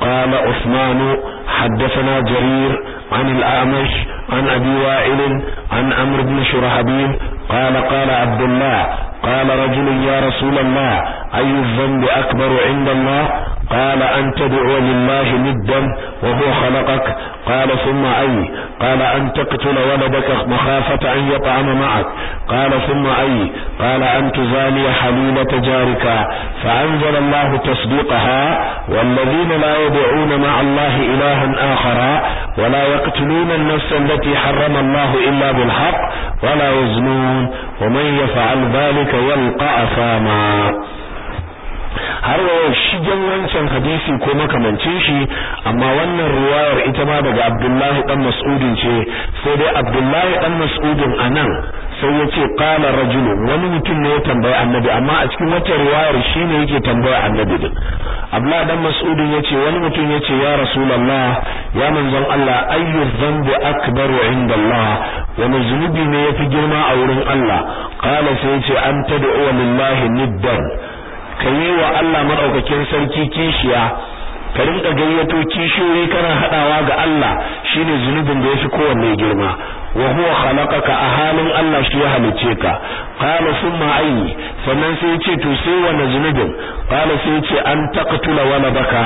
قال عثمان حدثنا جرير عن الأعمش عن أبي وائل عن أمر بن شرهبيل قال قال عبد الله قال رجل يا رسول الله أي الذنب أكبر عند الله قال أن تدعو لله ندا وهو خلقك قال ثم أي قال أن تقتل ولدك مخافة أن يطعم معك قال ثم أي قال أن تزاني حليلة جارك فأنزل الله تصديقها والذين لا يدعون مع الله إلها آخر ولا يقتلون النفس التي حرم الله إلا بالحق ولا يزنون ومن يفعل ذلك يلقى أثاما har wa shigen wancan hadisi ko makamancin shi amma wannan ruwayar ita ma daga Abdullahi dan Mas'udin ce sai dai Abdullahi dan Mas'udin anan sai ya ce qala rajul wani mutum ne ya tambaya annabi amma a cikin wata shi ne yake tambaya annabi din Abdullahi dan Mas'udin ya ce wani mutum ya ce ya Rasulullah ya manzon Allah ayyu zambi akbaru inda Allah wani zunubi ne ya fi girma a wurin Allah qala sai ya ce an tad'u lillahi niddan ka yi wa Allah maɗaukakin sarki kishiya ka rinka gayyato kishiyoyi kana haɗawa ga Allah shine zunubin da yafi kowanne girma wa huwa khalaqaka a halin Allah shi ya halice ka qala summa ayi sannan sai yace to sai wannan zunubin qala sai yace an taqtula waladaka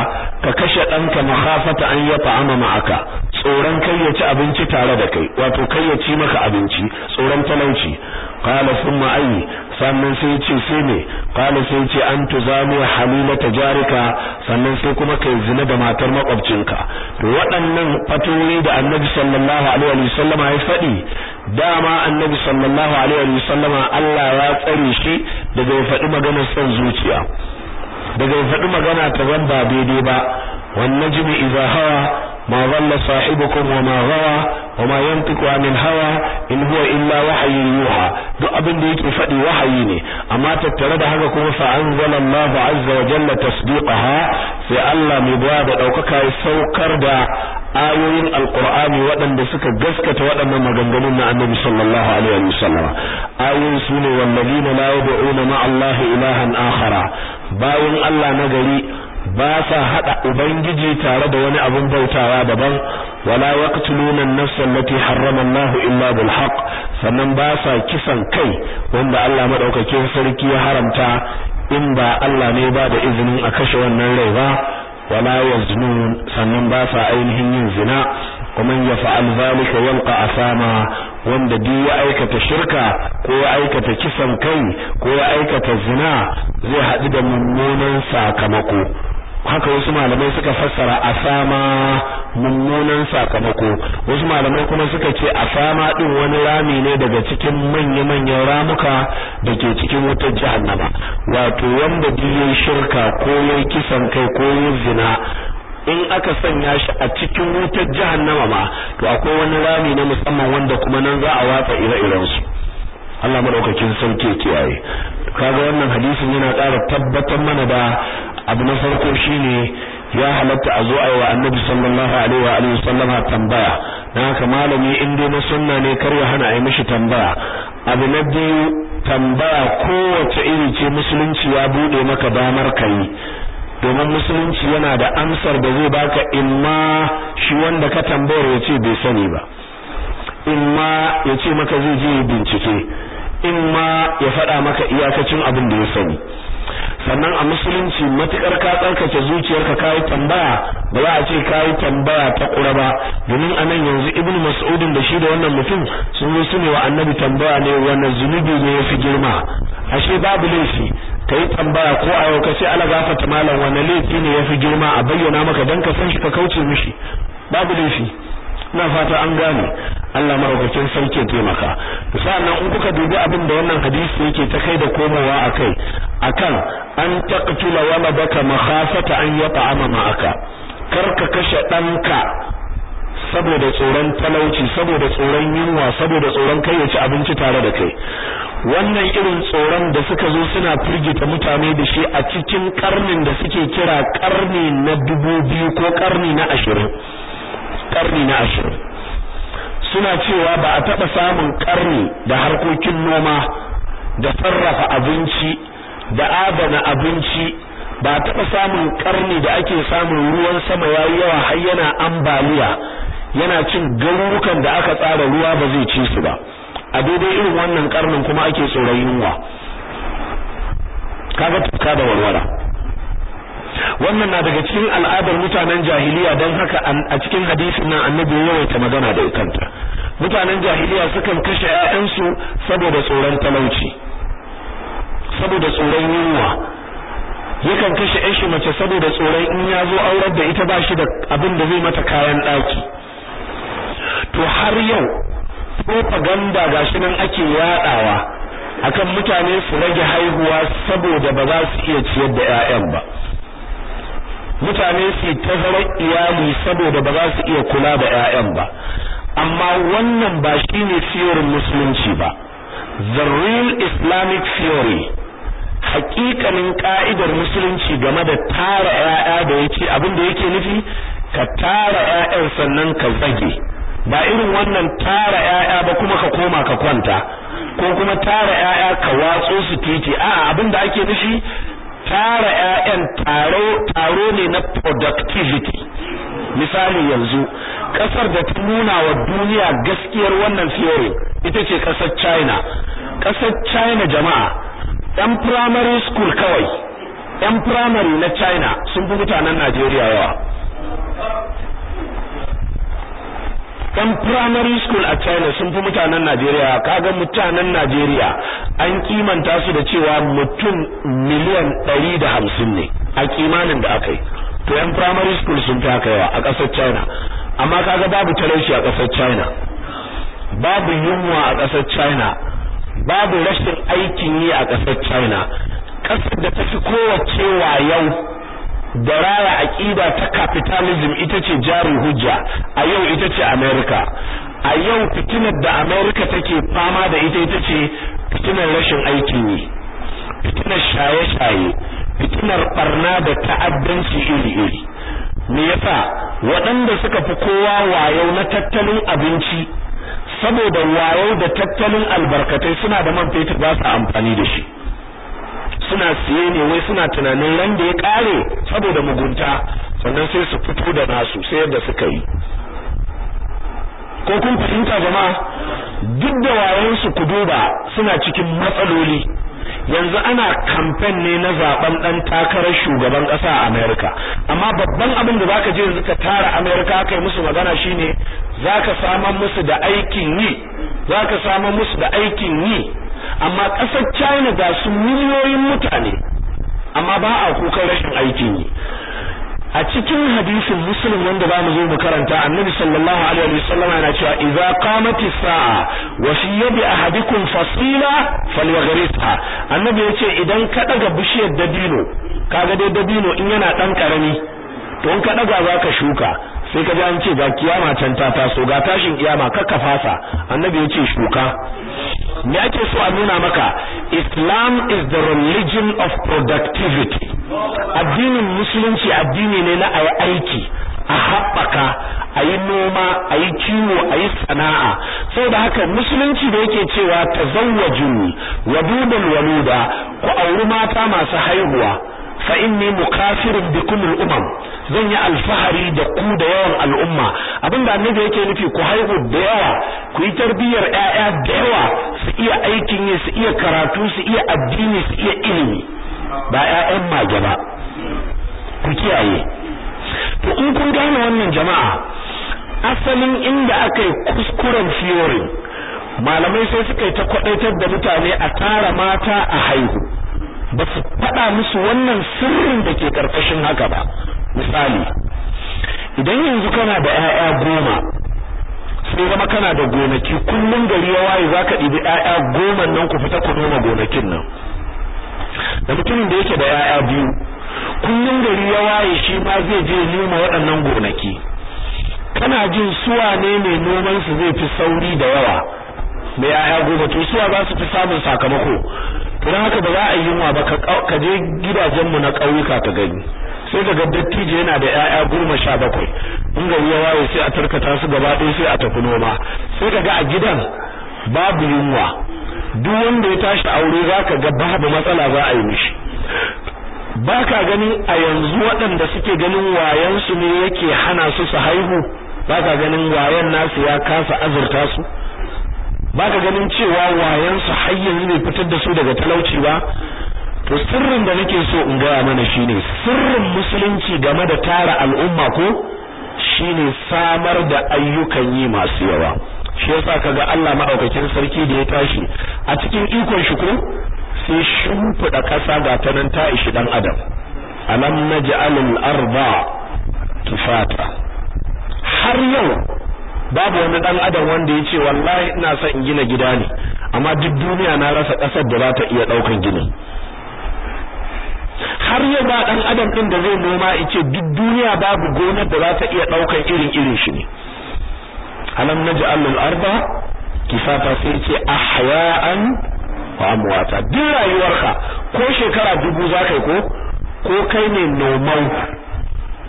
ka kashe ɗanka mahafata an yata'ama ma'aka tsoron kai ya ci abinci tare da kai wato kai ya ci maka abinci tsoron talauci qala ma ayi sannan sai ce sai ne qala sai ce an tuzani halila tajarika sannan sai kuma kai zina da matar makwabcinka to waɗannan fatoyi da annabi sallallahu alaihi wa sallama ya faɗi dama annabi sallallahu alaihi wa sallama Allah ya tsare shi daga ya faɗi magana son zuciya daga ya faɗi magana ta zan ba daidai ba wan najmi idha hawa ma dhalla sahibukum wa ma ghawa wa ma anil hawa in huwa illa wahyun yuha duk abin da yake faɗi wahayi ne amma tattare da haka kuma fa anzala Allah azza wa jalla tasdiqaha sai Allah mai bawa da daukaka ya saukar da ayoyin alqur'ani waɗanda suka gaskata waɗannan maganganun na annabi sallallahu alaihi wa sallam ayoyin sune wallazina la yad'una ma Allah ilahan akhara bayan Allah na gari ba sa hada ubangiji tare da wani abin bautawa daban wala yaqtuluna an-nafsa allati harrama Allah illa bil haqq sannan ba sa kisan kai wanda Allah madaukakin sarki ya haramta in ba Allah ne ba da izinin a kashe wannan rai ba wala yaznun sannan ba sa ainihin yin zina ومن يفعل ذلك يلقى أثاما wanda duk ya aikata shirka ko ya aikata kisan kai ko ya aikata zina zai haɗu da mummunan sakamako haka wasu malamai suka fassara asama mummunan sakamako wasu malamai kuma suka ce asama din wani rami ne daga cikin manya-manyan ramuka da ke cikin wutar jahannama wato wanda duk shirka ko ya kisan kai ko ya zina in aka sanya shi a cikin wutar jahannama ma to akwai wani rami na musamman wanda kuma nan za a watsa ire-iren su Allah madaukakin sauke kiyaye kaga wannan hadisin yana ƙara tabbatar mana da abu na farko shine ya halatta a zo a yi wa annabi sallallahu alaihi wa alihi sallama tambaya na haka malami in dai na sunna ne kar ya hana a yi mishi tambaya abu na biyu tambaya kowace iri ce musulunci ya bude maka damar kai domin musulunci yana da amsar da zai baka imma shi wanda ka tambayar ya ce bai sani ba imma ya ce maka zai je bincike imma ya faɗa maka iyakacin abin da ya sani sannan a musulunci matukar ka tsarkake zuciyarka kayi tambaya ba za a ce kayi tambaya ta kura ba domin a nan yanzu ibnu mas'udin da shi da wannan mutum sun zo su ne wa annabi tambaya ne wannan zunubi ne ya fi girma ashe babu laifi kayi tambaya ko a yau kace ala gafata malam wani laifi ne ya fi girma a bayyana maka dan ka san shi ka kauce mishi babu laifi na fata an gane Allah marabacin sauke taimaka sa'annan in kuka dubi abin da wannan hadisi yake ta kai da komowa kai akan an taqtula waladaka makhafata an yata'ama ma'aka ka kashe ɗanka saboda tsoron talauci saboda tsoron yunwa saboda tsoron kai ya abinci tare da kai wannan irin tsoron da suka zo suna firgita mutane da shi a cikin karnin da suke kira karni na dubu biyu ko karni na ashirin karni na ashirin suna cewa ba a taɓa samun karni da harkokin noma da sarrafa abinci da adana abinci ba a taɓa samun karni da ake samun ruwan sama ya yawa har yana ambaliya yana cin garurukan da aka tsara ruwa ba zai ci su ba a daidai irin wannan karnin kuma ake tsoron yunwa kaga tuka da warwara wannan na daga cikin al'adar mutanen jahiliya don haka a cikin hadisin nan annabi yawaita magana da kanta mutanen jahiliya sukan kashe 'ya'yansu saboda tsoron talauci saboda tsoron yunwa yakan kashe ƴan mace saboda tsoron in ya zo aurar da ita ba shi da abin da zai mata kayan ɗaki to har yau propaganda shi nan ake yaɗawa akan mutane su rage haihuwa saboda ba za su iya ciyar da 'ya'yan ba mutane su tazarar iyali saboda ba za su iya kula da 'ya'yan ba amma wannan ba shi ne siyorin musulunci ba the real islamic theory hakikanin ka'idar musulunci game da tara 'ya'ya da yake abin da yake nufi ka tara 'ya'yan sannan ka zage ba irin wannan tara 'ya'ya ba kuma ka koma ka kwanta ko kuma tara 'ya'ya ka watso su titi a'a abin ake nufi tara ƴaƴan taro taro ne na productivity misali yanzu kasar da ta nuna wa duniya gaskiyar wannan theory ita ce kasar China kasar China jama'a ɗan primary school kawai ɗan primary na China sun fi mutanen Najeriya yawa Ɗan primary school a China sun fi mutanen Najeriya kaga mutanen Najeriya an kimanta su da cewa mutum miliyan ɗari da hamsin ne a kimanin da aka yi to yan primary school sun fi haka yawa a ƙasar China amma kaga babu talauci a ƙasar China babu yunwa a ƙasar China babu rashin aikin yi a ƙasar China ƙasar da ta fi kowace yau da raya aqida ta capitalism ita ce jari hujja a yau ita ce America a yau fitinar da America take fama da ita ita ce fitinar rashin aiki ne. fitinar shaye-shaye fitinar barna da ta'addanci iri-iri me yasa waɗanda suka fi kowa wayo na tattalin abinci saboda wayo da tattalin albarkatai suna da man fetur ba su amfani da shi suna siye ne wai suna tunanin ran da ya kare saboda mugunta sannan sai su fito da nasu sai yadda suka yi ko kun fahimta jama'a duk da wayan su ku duba suna cikin matsaloli yanzu ana kamfen ne na zaben dan takarar shugaban kasa a America amma babban abin da zaka je yanzu ka tara America kai musu magana shine zaka samu musu da aikin yi zaka samu musu da aikin yi amma ƙasar china ga su miliyoyin mutane amma ba a kukan rashin aiki yi a cikin hadisin muslim wanda ba mu zo mu karanta annabi sallallahu alaihi wasallam yana cewa idza qamati sa'a wa fi yadi ahadikum fasila falyaghrisha annabi yace idan ka daga bishiyar dabino kaga dai dabino in yana dan karami to in ka daga zaka shuka sai ka ji an ce ga kiyama can ta taso ga tashin kiyama kakka fasa annabi ya ce shuka me ake so a nuna maka islam is the religion of productivity addinin musulunci addini ne na ayi aiki a haɓaka a yi noma a yi kiwo a yi sana'a da haka musulunci da yake cewa ta tazawwajun wadudan waluda ku auri mata masu haihuwa fa inni mukafirun bi kullil umam zan yi alfahari da ku da yawan al'umma abinda annabi yake nufi ku haihu da yawa ku yi tarbiyyar ƴaƴa da yawa su iya aikin yi su iya karatu su iya addini su iya ilimi ba ƴaƴan mage ba ku kiyaye to in kun gane wannan jama'a asalin inda aka yi kuskuren fiyorin malamai sai suka yi ta kwadaitar da mutane a tara mata a haihu ba su faɗa musu wannan sirrin da ke ƙarƙashin haka ba misali idan yanzu kana da 'ya'ya goma sai zama kana da gonaki kullum gari ya waye za ka ɗibi 'ya'ya goma nan ku fita ku noma gonakin nan da mutumin da yake da ƴaƴa biyu kullum gari ya waye shi ma zai je noma waɗannan gonaki kana jin suwa ne mai noman su zai fi sauri da yawa mai yaya goma to suwa za su fi samun sakamako to haka ba za a yi yunwa ba ka je gidajen mu na kauyuka ka gani sai daga ga dattijo yana da yaya goma sha bakwai in gari ya waye sai a tarkata su gaba ɗaya sai a tafi noma sai daga a gidan babu yunwa duk wanda ya tashi aure za ka ga babu matsala za a yi mishi ba ka ganin a yanzu waɗanda suke ganin wayansu ne yake hana su su haihu ba ka ganin wayan nasu ya kasa azurta su ba ka ganin cewa wayan har yanzu bai fitar da su daga talauci ba to sirrin da nake so in gaya mana shine sirrin musulunci game da tara al'umma ko shine samar da ayyukan yi masu yawa shi yasa kaga Allah madaukakin sarki da ya tashi a cikin ikon shi ko sai shimfiɗa ƙasa ga ta nan ta ishi dan adam alam naj'alul arda tufata har yau babu wani dan adam wanda ya ce wallahi ina son in gina gida ne amma duk duniya na rasa kasar da za ta iya daukan ginin har yau ba dan adam din da zai noma ce duk duniya babu gonar da za ta iya daukan irin irin shi ne alam naj'alul arba kifafa sai ce ahya'an wa amwata duk rayuwarka ko shekara dubu za kai ko ko kai ne noman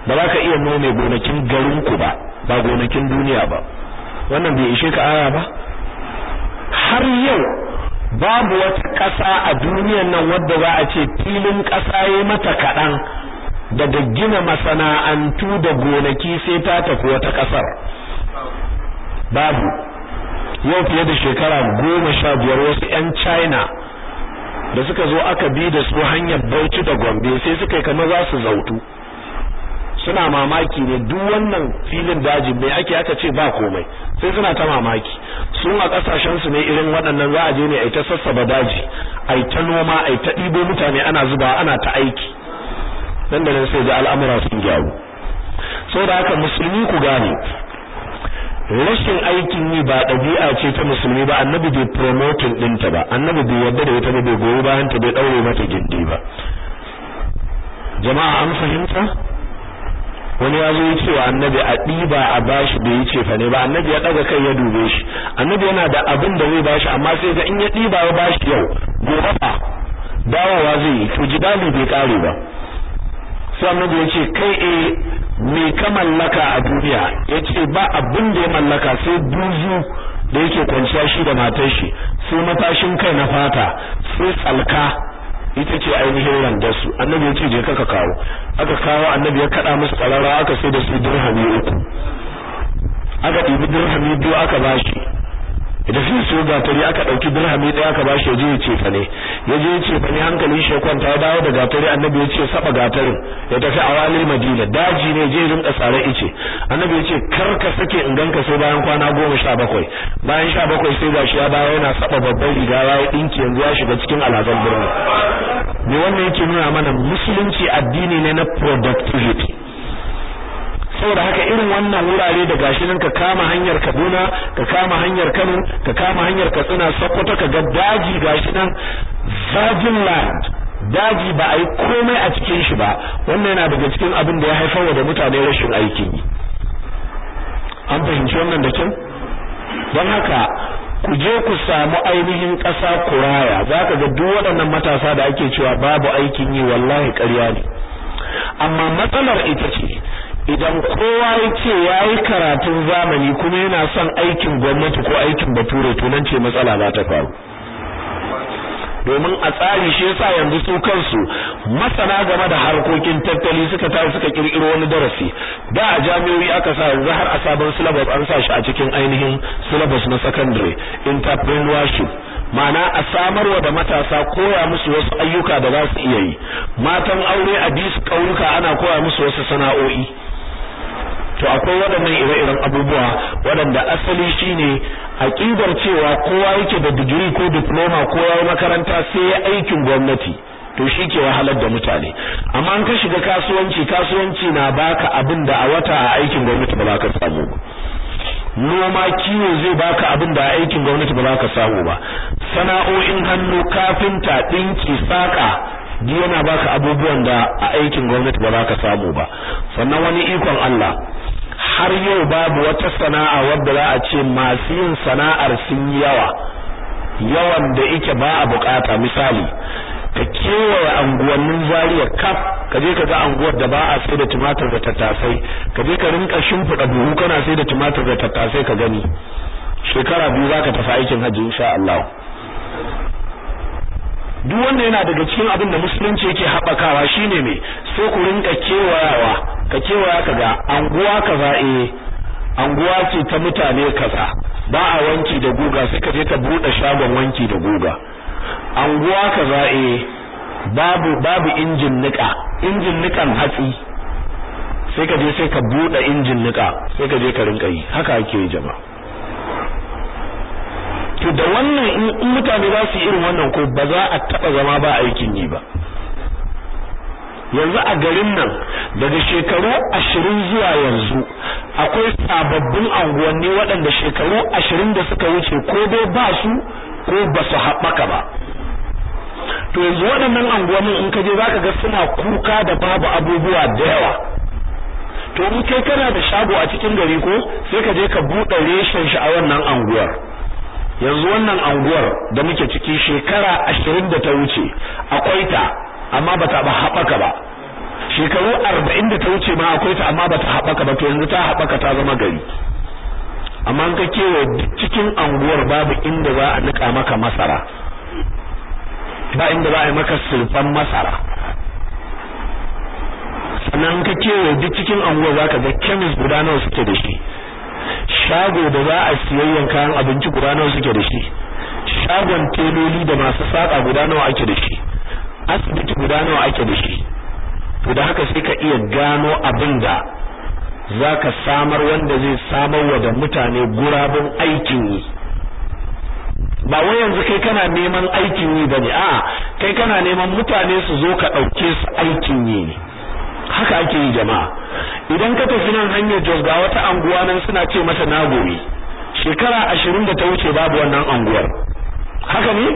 ba za ka iya nome gonakin garinku ba ba gonakin duniya ba wannan bai ishe ka aya ba har yau babu wata ƙasa a duniyan nan wadda za a ce filin ƙasa ya mata kaɗan daga gina masana'antu da gonaki sai ta tafi wata ƙasar babu yau fiye da shekara goma sha biyar wasu 'yan china da suka zo aka bi da su hanyar bauchi da gombe sai suka yi kama za su zautu suna mamaki ne duk wannan filin daji mai ake aka ce ba komai sai suna ta mamaki sun a kasashen su ne irin waɗannan za a je ne a ta sassaba daji a ta noma a ta ɗibo mutane ana zuba ana ta aiki dan da sai ga al'amura sun gyaru sau da haka musulmi ku gane rashin aikin yi ba ɗabi'a ce ta musulmi ba annabi bai promoting ɗinta ba annabi bai yadda da ita ba bai goyi bayan ta bai ɗaure mata gindi ba jama'a an fahimta wani ya zo ya ce annabi a ɗiba a bashi bai yi cefa ne ba annabi ya ɗaga kai ya dube shi annabi yana da abin da zai bashi amma sai ga in ya ɗiba ya bashi yau gobe ba dawowa zai yi to jidali bai kare ba sai annabi ya ce kai eh me ka mallaka a duniya ya ce ba abin da ya mallaka sai buzu da yake kwanciya shi da matar shi sai matashin kai na fata sai tsalka ita ce ainihin randar su annabi ya ce je ka kawo aka kawo annabi ya kada musu tsarara aka sai da su dirhami uku aka ɗibi dirhami biyu aka ba shi da su so gatari aka ɗauki dirhami ɗaya aka bashi ya je ya fa ne ya je ya fa ne hankalin shi kwanta ya dawo da gatari annabi ya ce saba gatarin ya tafi a wali madina daji ne je rinka tsare ice annabi ya ce kar ka sake in ganka sai bayan kwana goma sha bakwai bayan sha bakwai sai gashi ya dawo yana saba babban riga ya ɗinki yanzu ya shiga cikin alazan birni me wannan yake nuna mana musulunci addini ne na productivity saboda haka irin wannan wurare da gashi nan ka kama hanyar Kaduna ka kama hanyar Kano ka kama hanyar Katsina Sokoto ka ga daji gashi nan virgin land daji ba a yi komai a cikin shi ba wannan yana daga cikin abin da ya haifar da mutane rashin aikin an fahimci wannan da kyau don haka ku je ku samu ainihin ƙasa kuraya za ka ga duk waɗannan matasa da ake cewa babu aikin yi wallahi ƙarya ne amma matsalar ita ce idan kowa ya ce ya yi karatun zamani kuma yana son aikin gwamnati ko aikin bature to ce matsala za ta faru domin a tsari shi yasa yanzu su kansu masana game da harkokin tattali suka ta suka kirkiro wani darasi da a jami'o'i aka sa yanzu har a sabon syllabus an sa shi a cikin ainihin syllabus na secondary entrepreneurship ma'ana a samarwa da matasa koya musu wasu ayyuka da za su iya yi matan aure a bisu ƙauyuka ana koya musu wasu sana'o'i to akwai waɗannan ire-iren abubuwa waɗanda asali shine aqidar cewa kowa yake da digiri ko diploma ko yayi makaranta sai ya aikin gwamnati to shi ke wahalar da mutane amma an ka shiga kasuwanci kasuwanci na baka abin da a wata a aikin gwamnati ba za ka samu ba noma kiwo zai baka abin da a aikin gwamnati ba za ka samu ba sana'o'in hannu kafinta dinki saƙa. ji yana baka abubuwan da a aikin gwamnati ba za ka samu ba sannan wani ikon Allah har yau babu wata sana'a wadda za a ce masu yin sana'ar sun yi yawa yawan da ike ba a bukata misali ka kewaye anguwannin zaria kaf ka je ka ga anguwar da ba a sai da tumatir da tattasai ka je ka rinka shimfiɗa buhu kana sai da tumatir da tattasai ka gani shekara biyu za ka tafi aikin hajji insha Allah duk wanda yana daga cikin abin da musulunci yake haɓakawa shine mai sai ku rinka kewayawa ka kewaya ka ga anguwa kaza eh anguwa ce ta mutane kaza ba a wanki da guga sai ka je ka buɗe shagon wanki da guga anguwa kaza eh babu babu injin nika injin nikan hatsi sai ka je sai ka buɗe injin nika sai ka je ka rinka yi haka ake jama'a to da wannan in mutane za su yi irin wannan ko ba za a taba zama ba aikin yi ba yanzu a garin nan daga shekaru ashirin zuwa yanzu akwai sababbin anguwanni waɗanda shekaru ashirin da suka wuce ko dai ba su ko ba su haɓaka ba to yanzu waɗannan anguwannin in ka je za ka ga suna kuka da babu abubuwa da yawa to in kai kana da shago a cikin gari ko sai ka je ka buɗe reshen shi a wannan anguwar yanzu wannan anguwar da muke ciki shekara ashirin da ta wuce akwai ta amma ba ta ba haɓaka ba shekaru arba'in da ta wuce ma akwai ta amma ba ta haɓaka ba to yanzu ta haɓaka ta zama gari amma an kake kewa cikin anguwar babu inda za a niƙa maka masara ba inda za a yi maka sulfan masara sannan an ka duk cikin anguwar za ga kemis guda nawa suke da shi shago da za a siyayyan kayan abinci guda nawa suke da shi shagon teloli da masu saƙa guda ake da shi asibiti guda nawa ake da shi to da haka sai ka iya gano abin da za ka samar wanda zai samar wa da mutane gurabin aikin yi ba wai yanzu kai kana neman aikin yi ba ne a'a kai kana neman mutane su zo ka ɗauke su aikin yi ne haka ake yi jama'a idan ka tafi nan hanyar Jos ga wata anguwa nan suna ce masa nagori shekara ashirin da ta wuce babu wannan anguwar haka ne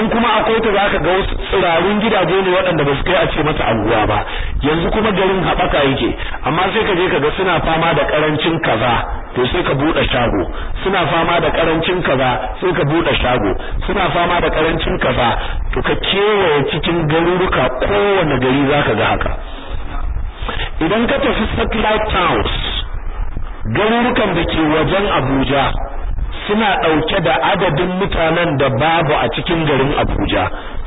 in kuma akwai ta ka ga wasu tsirarun gidaje ne waɗanda ba su kai a ce mata anguwa ba yanzu kuma garin haɓaka yake amma sai ka je ka ga suna fama da karancin kaza to sai ka buɗe shago suna fama da karancin kaza sai ka buɗe shago suna fama da karancin kaza to ka kewaye cikin garuruka kowane gari za ka ga haka idan ka tafi satellite towns garurukan da ke wajen abuja suna ɗauke da adadin mutanen da babu a cikin garin abuja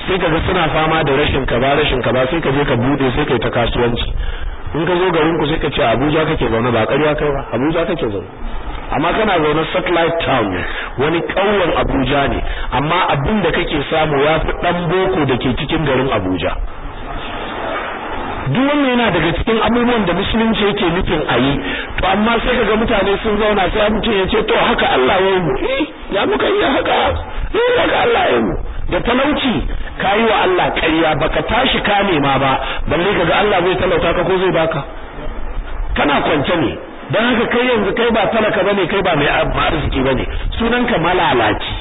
sai ka ga suna fama da rashin kaba rashin kaba sai ka je ka bude sai ka yi ta kasuwanci in ka zo garin ku sai ka ce abuja kake zaune ba ƙarya kai ba abuja kake zaune amma kana zaune satellite town ne wani ƙauyen abuja ne amma abin da kake samu ya fi ɗan boko da ke cikin garin abuja duk wannan yana daga cikin abubuwan da musulunci yake nufin a yi to amma sai kaga mutane sun zauna sai mutum ya ce to haka Allah ya yi mu eh, ya muka yi haka eh, haka Allah ya yi mu da talauci ka yi wa Allah ƙarya baka tashi ka nema ba balle kaga Allah zai talauta ka ko zai baka kana kwance ne dan haka kai yanzu kai ba talaka bane kai ba mai arziki bane sunan ka malalaci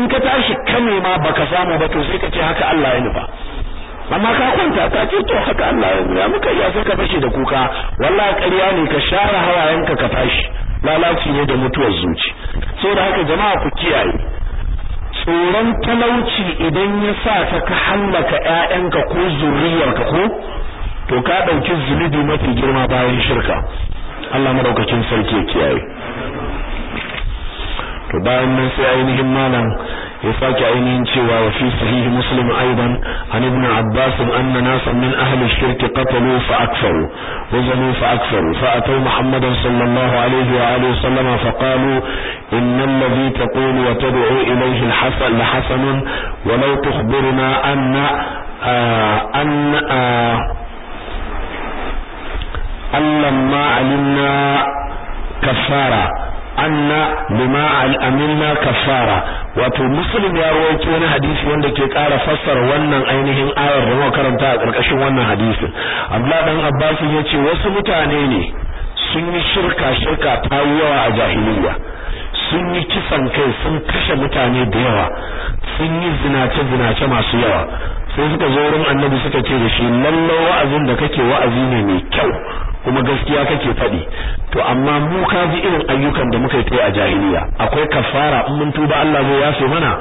in ka tashi ka nema baka samu ba to sai ka ce haka Allah ya nufa amma ka kwanta ka ce to haka Allah ya ya muka iya sai ka fashe da kuka wallahi ƙarya ne ka share hawayenka ka tashi lalaci ne da mutuwar zuci da haka jama'a ku kiyaye tsoron talauci idan ya sa ta ka hallaka ƴaƴanka ko zuriyarka ko to ka ɗauki zunubi mafi girma bayan shirka Allah madaukakin sarki ya kiyaye to bayan nan sai ainihin malam وصاك عينين شوى وفي صحيح مسلم أيضا عن ابن عباس أن ناسا من أهل الشرك قتلوا فأكفروا وزنوا فأكفروا فأتوا محمدا صلى الله عليه وآله وسلم فقالوا إن الذي تقول وتدعو إليه الحسن لحسن ولو تخبرنا أن آآ آه، أن آآ آه، أن لما علمنا كفارة anna lima al'amilna kafara wato muslim ya rawaito wani hadisi wanda ke ƙara fassara wannan ainihin ayar da muka karanta a ƙarƙashin wannan hadisin Abdullahi dan Abbas ya ce wasu mutane ne sun yi shirka shirka ta yawa a jahiliya sun yi kisan kai sun kashe mutane da yawa sun yi zinace zinace masu yawa sai suka zo wurin annabi suka ce da shi lallai wa'azin da kake wa'azi ne mai kyau kuma gaskiya kake faɗi to amma mu ka ji irin ayyukan da muka yi ta a jahiliya akwai kafara in mun tuba Allah zai yafe mana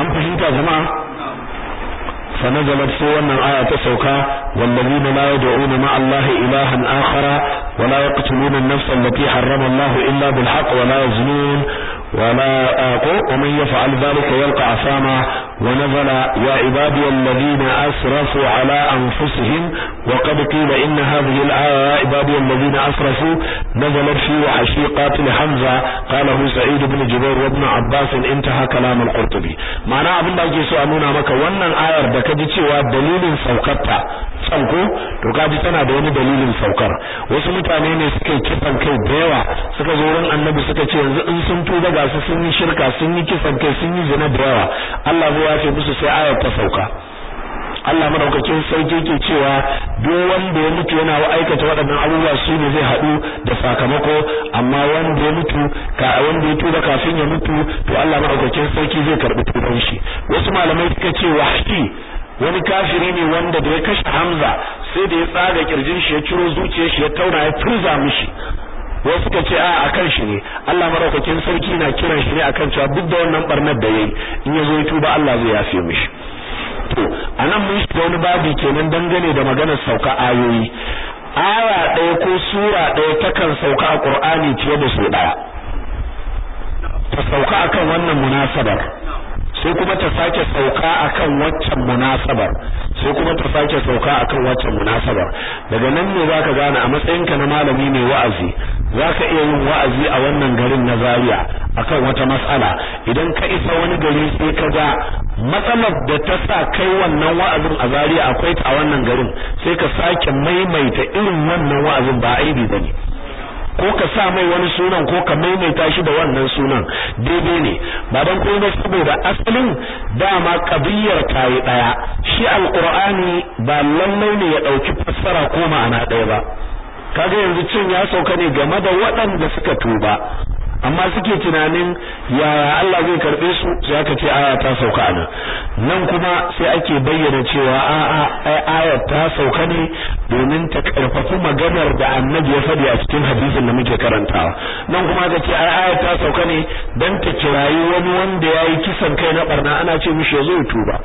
an fahimta jama'a فنزلت سورة آية تسوكا والذين لا يدعون مع الله إلها آخر ولا يقتلون النفس التي حرم الله إلا بالحق ولا يزنون ولا آكو ومن يفعل ذلك يلقى أساما ونزل يا عبادي الذين أسرفوا على أنفسهم وقد قيل إن هذه الآية يا عبادي الذين أسرفوا نزلت في وحشي قاتل حمزة قاله سعيد بن جبير وابن عباس انتهى كلام القرطبي معنى أبن باجي سؤالنا مكا وانا آية دكجتي ودليل سوكتا sanko to kaji tana da wani dalilin saukar wasu mutane ne suke kifan kai da yawa suka zo wurin annabi suka ce yanzu in sun tuba ga su sun yi shirka sun yi kisan kai sun yi zina da yawa Allah zai yafe musu sai ayar ta sauka Allah madaukakin sarki ke cewa duk wanda ya mutu yana wa aikata waɗannan abubuwa su ne zai haɗu da sakamako amma wanda ya mutu ka wanda ya tuba kafin ya mutu to Allah madaukakin sarki zai karɓi tuban shi wasu malamai suka ce wahti wani kafiri ne wanda da ya kashe Hamza sai da ya tsaga kirjin shi ya ciro zuciyar shi ya tauna ya turza mishi wai suka ce a akan shi ne Allah maraukacin sarki na kiran shi ne kan cewa duk da wannan barnar da yayi in ya zo ya tuba Allah zai yafe mishi to nan mun shiga wani babu kenan dangane da maganar sauka ayoyi aya ɗaya ko sura ɗaya ta kan sauka a Qur'ani fiye da su ɗaya ta sauka akan wannan munasabar sai kuma ta sake sauka akan waccan munasabar sai kuma ta sake sauka akan waccan munasabar daga nan ne zaka gane a matsayinka na malami mai wa'azi zaka iya yin wa'azi a wannan garin na Zaria akan wata matsala idan ka isa wani gari sai ka ga matsalar da ta sa kai wannan wa'azin a Zaria akwai ta a wannan garin sai ka sake maimaita irin wannan wa'azin ba aibi bane ko ka sa mai wani sunan ko ka maimaita shi da wannan sunan daidai ne ba dan ko ba saboda asalin dama kabiyar yi daya shi alqur'ani ba lallai ne ya dauki fassara ko ma'ana daya ba kaga yanzu cin ya sauka ne game da waɗanda suka tuba amma suke tunanin ya Allah zai karbe su sai aka ce aya ta sauka ana nan kuma sai ake bayyana cewa a a aya ta sauka ne domin ta karfafi maganar da annabi ya faɗi a cikin hadisin da muke karantawa nan kuma aka ce ai aya ta sauka ne dan ta kirayi wani wanda yayi kisan kai na barna ana ce mishi yazo tuba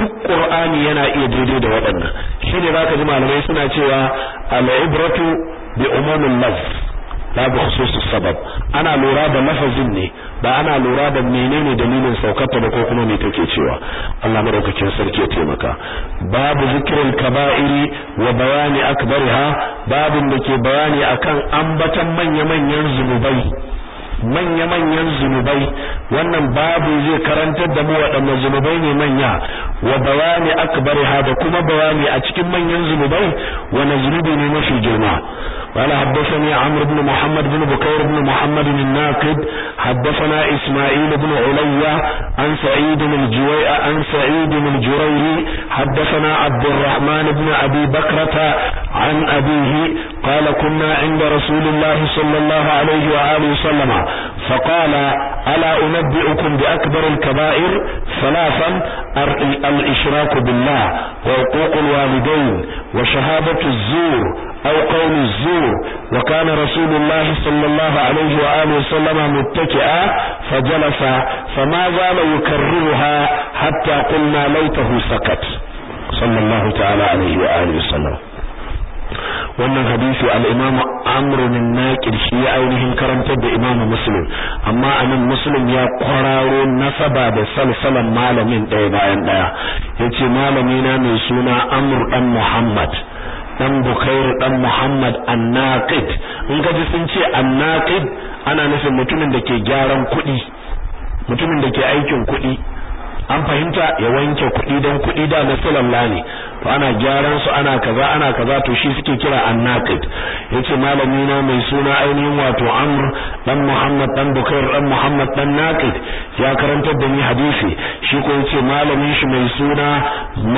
duk qur'ani yana iya daidai da waɗannan shine zaka ji malamai suna cewa al-ibratu bi umumil babu khususus sabab ana lura da lafazin ne ba ana lura da menene dalilin saukarta ba ko kuma me take cewa Allah madaukakin sarki ya taimaka babu zikrul kaba'iri wa bayani akbarha babin da ke bayani akan ambatan manya-manyan zunubai manya-manyan zunubai wannan babu zai karantar da mu waɗannan zunubai ne manya wa bayani akbariha da kuma bayani a cikin manyan zunubai wani zunubi ne mafi girma قال حدثني عمرو بن محمد بن بكير بن محمد الناقد حدثنا إسماعيل بن عليا عن سعيد الجوي عن سعيد الجريري حدثنا عبد الرحمن بن أبي بكرة عن أبيه قال كنا عند رسول الله صلى الله عليه وآله وسلم فقال ألا أنبئكم بأكبر الكبائر ثلاثا الإشراك بالله وعقوق الوالدين وشهادة الزور أو قول الزور وكان رسول الله صلى الله عليه وآله وسلم متكئا فجلس فما زال يكررها حتى قلنا ليته سكت صلى الله تعالى عليه وآله وسلم wannan hadisi al-imam amr bin naqir shi ya ainihin karantar da imam muslim amma anan muslim ya kwararo nasaba da salsalan malamin ɗaya bayan daya. yace malami na mai suna amr dan muhammad dan Bukhair dan muhammad an-naqid in ka ji sun ce an-naqid ana nufin mutumin da ke gyaran kuɗi mutumin da ke aikin kuɗi an fahimta ya wanke kuɗi don kuɗi da na ne to ana gyaran su ana kaza ana kaza to shi suke kira annaqid yace malami na mai suna ainihin wato amr dan muhammad dan bukair dan muhammad dan naqid ya karantar da ni hadisi shi ko yace malami shi mai suna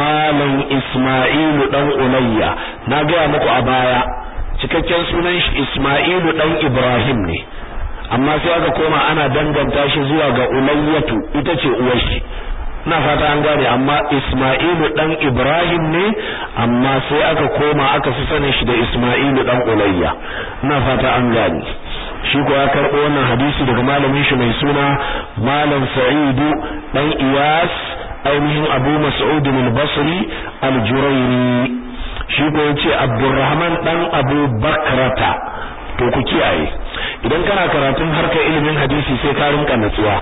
malam isma'ilu dan ulayya na ga muku a baya cikakken sunan shi isma'ilu dan ibrahim ne amma sai aka koma ana danganta shi zuwa ga ulayyatu ita ce uwar shi na fata an gane amma Isma'ilu dan Ibrahim ne amma sai aka koma aka fi sanin shi da Isma'ilu dan Ulayya na fata an gane shi ko ya karbo wannan hadisi daga malamin shi mai suna Malam Sa'idu dan Iyas ainihin Abu Mas'ud al-Basri al jurayri shi ko yace Abdurrahman dan Abu Bakrata to ku kiyaye idan kana karatun harkar ilimin hadisi sai ka rinka natsuwa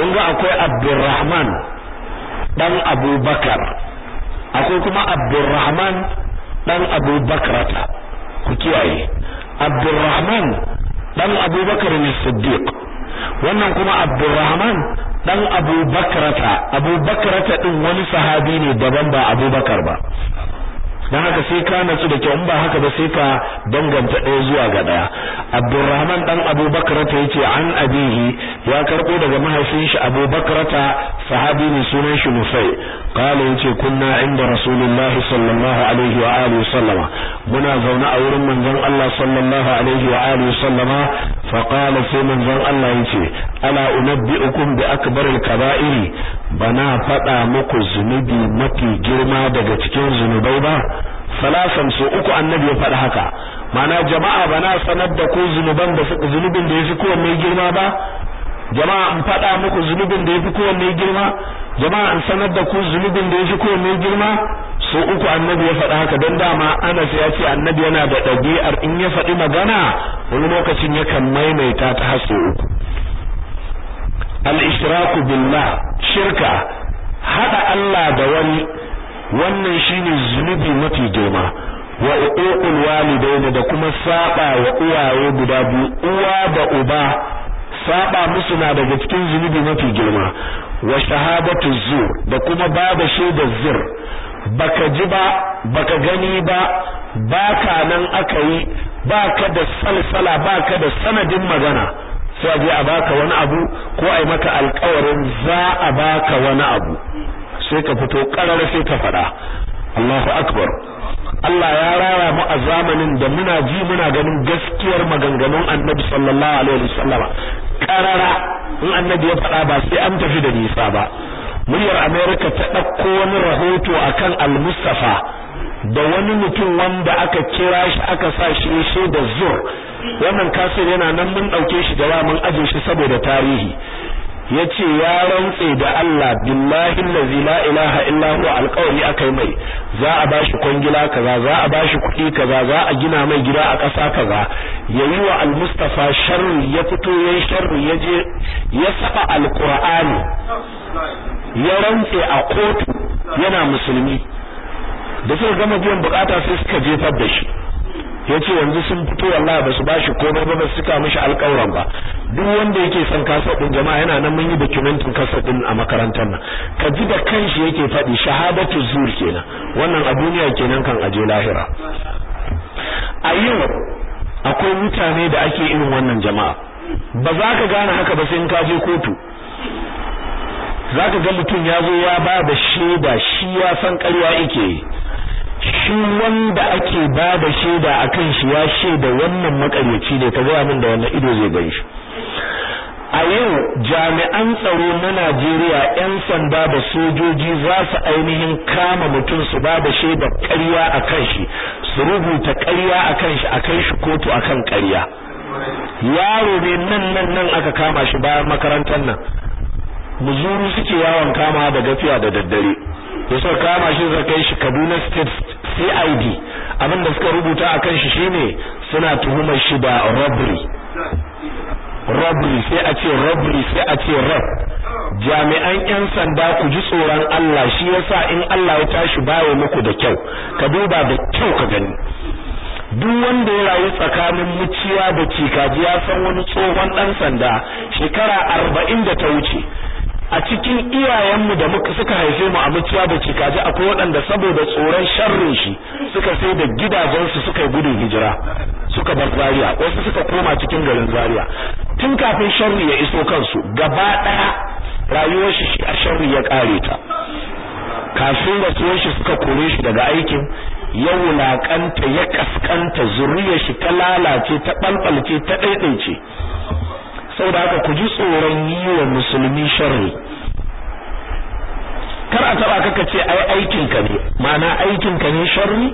kun ga akwai Abdurrahman dan abubakar akwai kuma abdurrahman dan abubakarata ku kiyaye abdurrahman dan abubakar ne siddiq wannan kuma abdurrahman dan abubakarata abubakarata din wani sahabi ne daban ba abubakar ba dan haka sai ka natsu da kyau in ba haka ba sai ka danganta ɗaya zuwa ga ɗaya Abdurrahman dan abubakar ta yace an abihi ya karbo daga mahaifin shi Abu Bakrata sahabi ne sunan shi Nufai qala yace kunna inda Rasulullah sallallahu alaihi wa alihi sallama muna zaune a wurin manzon Allah sallallahu alaihi wa alihi sallama fa qala sai manzon Allah yace ala unabbiukum bi akbaril kaba'iri bana faɗa muku zunubi mafi girma daga cikin zunubai ba salasan so uku annabi ya faɗi haka mana jama'a ba na sanar da ku zunuban da zunubin da yafi kowanne girma ba jama'a in faɗa muku zunubin da yafi kowanne girma jama'a in sanar da ku zunubin da yafi kowanne girma so uku annabi ya faɗa haka don dama Anas ya ce annabi yana da ɗabi'ar in ya faɗi magana wani lokacin yakan maimaita ta har so uku al-ishraku billah shirka hada Allah da wani wannan shine zunubi mafi girma wa uqul walidain da kuma saba wa uwaye guda biyu uwa da uba saba musu na daga cikin zunubi mafi girma wa shahadatu zur da kuma da shaida zur baka ji ba baka gani ba baka nan aka yi baka da salsala baka da sanadin magana sai a je a baka wani abu ko a maka alƙawarin za a baka wani abu sai ka fito ƙarar sai ka faɗa Allahu akbar Allah ya rara mu a zamanin da muna ji muna ganin gaskiyar maganganun Annabi sallallahu alaihi wasallama Karara in Annabi ya faɗa ba sai an tafi da nisa ba muryar America ta ɗauko wani rahoto akan Al-Mustafa da wani mutum wanda aka kira shi aka sa shi ne da zur wannan kasir yana nan mun ɗauke shi da mun aje shi saboda tarihi ya ce ya rantse da Allah billahi lazi la ilaha illa hu alƙawari akai mai za a bashi kwangila kaza za a bashi kuɗi kaza za a gina mai gida a ƙasa kaza yayi wa almustafa sharri ya fito yayi sharri ya je ya saba alqur'ani ya rantse a kotu yana musulmi da suka gama biyan bukata sai suka jefar da shi ya ce yanzu sun fito Allah ba su bashi komai ba ba su cika mishi alƙawuran ba duk wanda yake son kasar ɗin jama'a yana nan mun yi dokumentin kasar ɗin a makarantar nan ka ji da kanshi yake faɗi shahadatu zur kenan wannan a duniya kenan kan aje lahira a yau akwai mutane da ake irin wannan jama'a ba za ka gane haka ba sai in ka je kotu za ka ga mutum ya zo ya ba da shaida shi ya san ƙarya yake yi shi wanda ake ba da shaida akan shi ya sheda wannan makaryaci ne ta gaya min da wannan ido zai gani shi a yau jami'an tsaro na Najeriya 'yan sanda da sojoji za su ainihin kama mutum su ba da shaida ƙarya akan shi su rubuta ƙarya akan shi a kai shi kotu akan karya. ƙarya yaro ne nan nan nan aka kama shi bayan makarantar nan muzuru suke yawon kama da gafiya da daddare ya kama shi zai kai shi Kaduna State CID abin da suka rubuta a kan shi shine suna tuhumar shi da robbery robbery sai a ce robbery sai a ce rob jami'an 'yan sanda ku ji tsoron Allah shi yasa in Allah ya tashi bayo muku da kyau ka duba da kyau ka gani duk wanda ya rayu tsakanin muciya da cikaji ya san wani tsohon dan sanda shekara arba'in da ta wuce a cikin iyayenmu da muka suka haife mu a mutuwa da kaji akwai waɗanda saboda tsoron sharrin shi suka sai da gidajensu suka yi gudun hijira suka bar Zaria wasu suka koma cikin garin Zaria tun kafin sharri ya iso kansu gaba ɗaya rayuwar shi a sharri ya ƙare ta kafin rasuwar shi suka kore shi daga aikin ya wulaƙanta ya ƙasƙanta zuriyar shi ta lalace ta ɓalɓalce ta ɗaiɗaice saboda haka ku ji tsoron yi wa musulmi sharri kar a taba kaka ce ai aikin ka ne ma'ana aikin ka ne sharri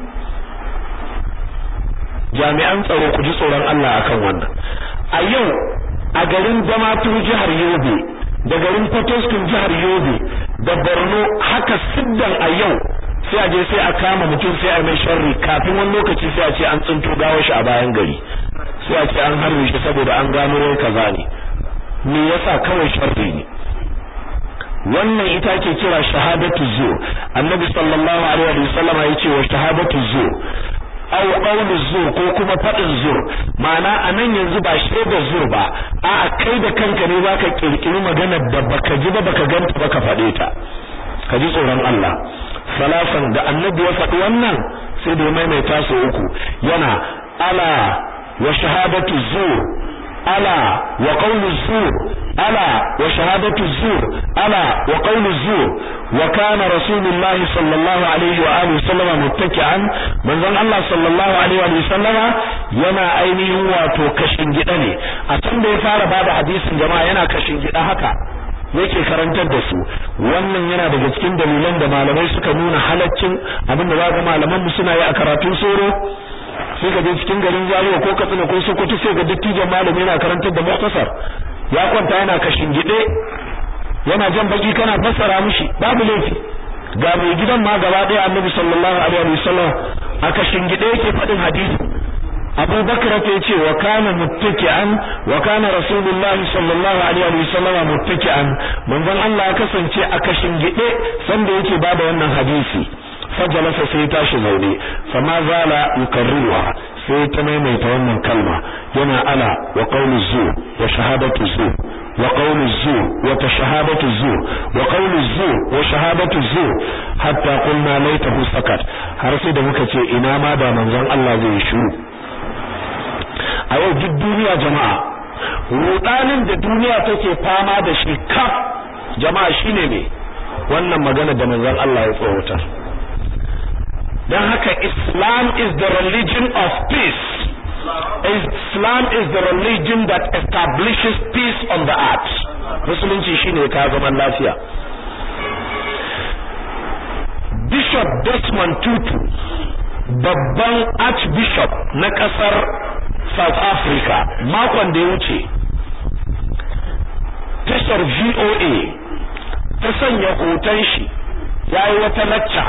jami'an tsaro ku ji tsoron Allah akan wannan a yau a garin Damaturu jihar Yobe da garin Potoskin jihar Yobe da Borno haka siddan a yau sai a je sai a kama mutum sai a mai sharri kafin wani lokaci sai a ce an tsinto gawar shi a bayan gari sai a ce an harbe shi saboda an gano wai kaza ne me yasa kawai sharri ne wannan ita ke kira shahadatu zu annabi sallallahu alaihi wa ya ce wa shahadatu zu aw qawlu ko kuma fadin zur ma'ana anan yanzu ba shaidar zur ba a kai da kanka ne zaka kirkiri magana da baka ji ba baka ganta baka fade ta ka ji tsoron Allah salasan da annabi ya faɗi wannan sai da maimaita su uku yana ala wa shahadatu zur ألا وقول الزور ألا وشهادة الزور ألا وقول الزور وكان رسول الله صلى الله عليه وآله وسلم متكئا من ظن الله صلى الله عليه وآله وسلم ينا أينه واتو كشن جدني أتم دي فعل بعد حديث جماعة ينا كشن جدا هكا yake karantar da su wannan yana daga cikin dalilan da malamai suka nuna halaccin abin da za ga malaman mu suna yi a karatun soro sai ka je cikin garin Zaria ko Katsina ko Sokoto sai ga dattijan malami yana karantar da muktasar ya kwanta yana kashin gide yana jan baki kana fassara mishi babu laifi ga mai gidan ma gaba ɗaya annabi sallallahu alaihi wasallam a kashin gide yake faɗin hadisi Abu Bakar ta ce wa kana muttaki'an wa kana Rasulullahi sallallahu alaihi wasallam muttaki'an manzon Allah ya kasance a kashin gide sanda yake bada wannan hadisi fajalasa sai tashi zaune fama zala yukarriruha sai ta maimaita wannan kalma yana ala wa qawlu zu wa shahadatu zu wa qawlu zu wa tashahadatu zu wa qawlu zu wa shahadatu zu hatta qulna laitahu sakat har sai da muka ce ina ma da manzon Allah zai shiru a yau duk duniya jama'a rudanin da duniya take fama da shi kaf jama'a shine ne wannan magana da manzon Allah ya tsawatar don haka islam is the religion of peace islam is the religion that establishes peace on the earth musulunci shine ka zaman lafiya bishop desmond tutu babban archbishop na kasar south africa makon da ya wuce tashar voa ta sanya hoton shi ya yi wata lacca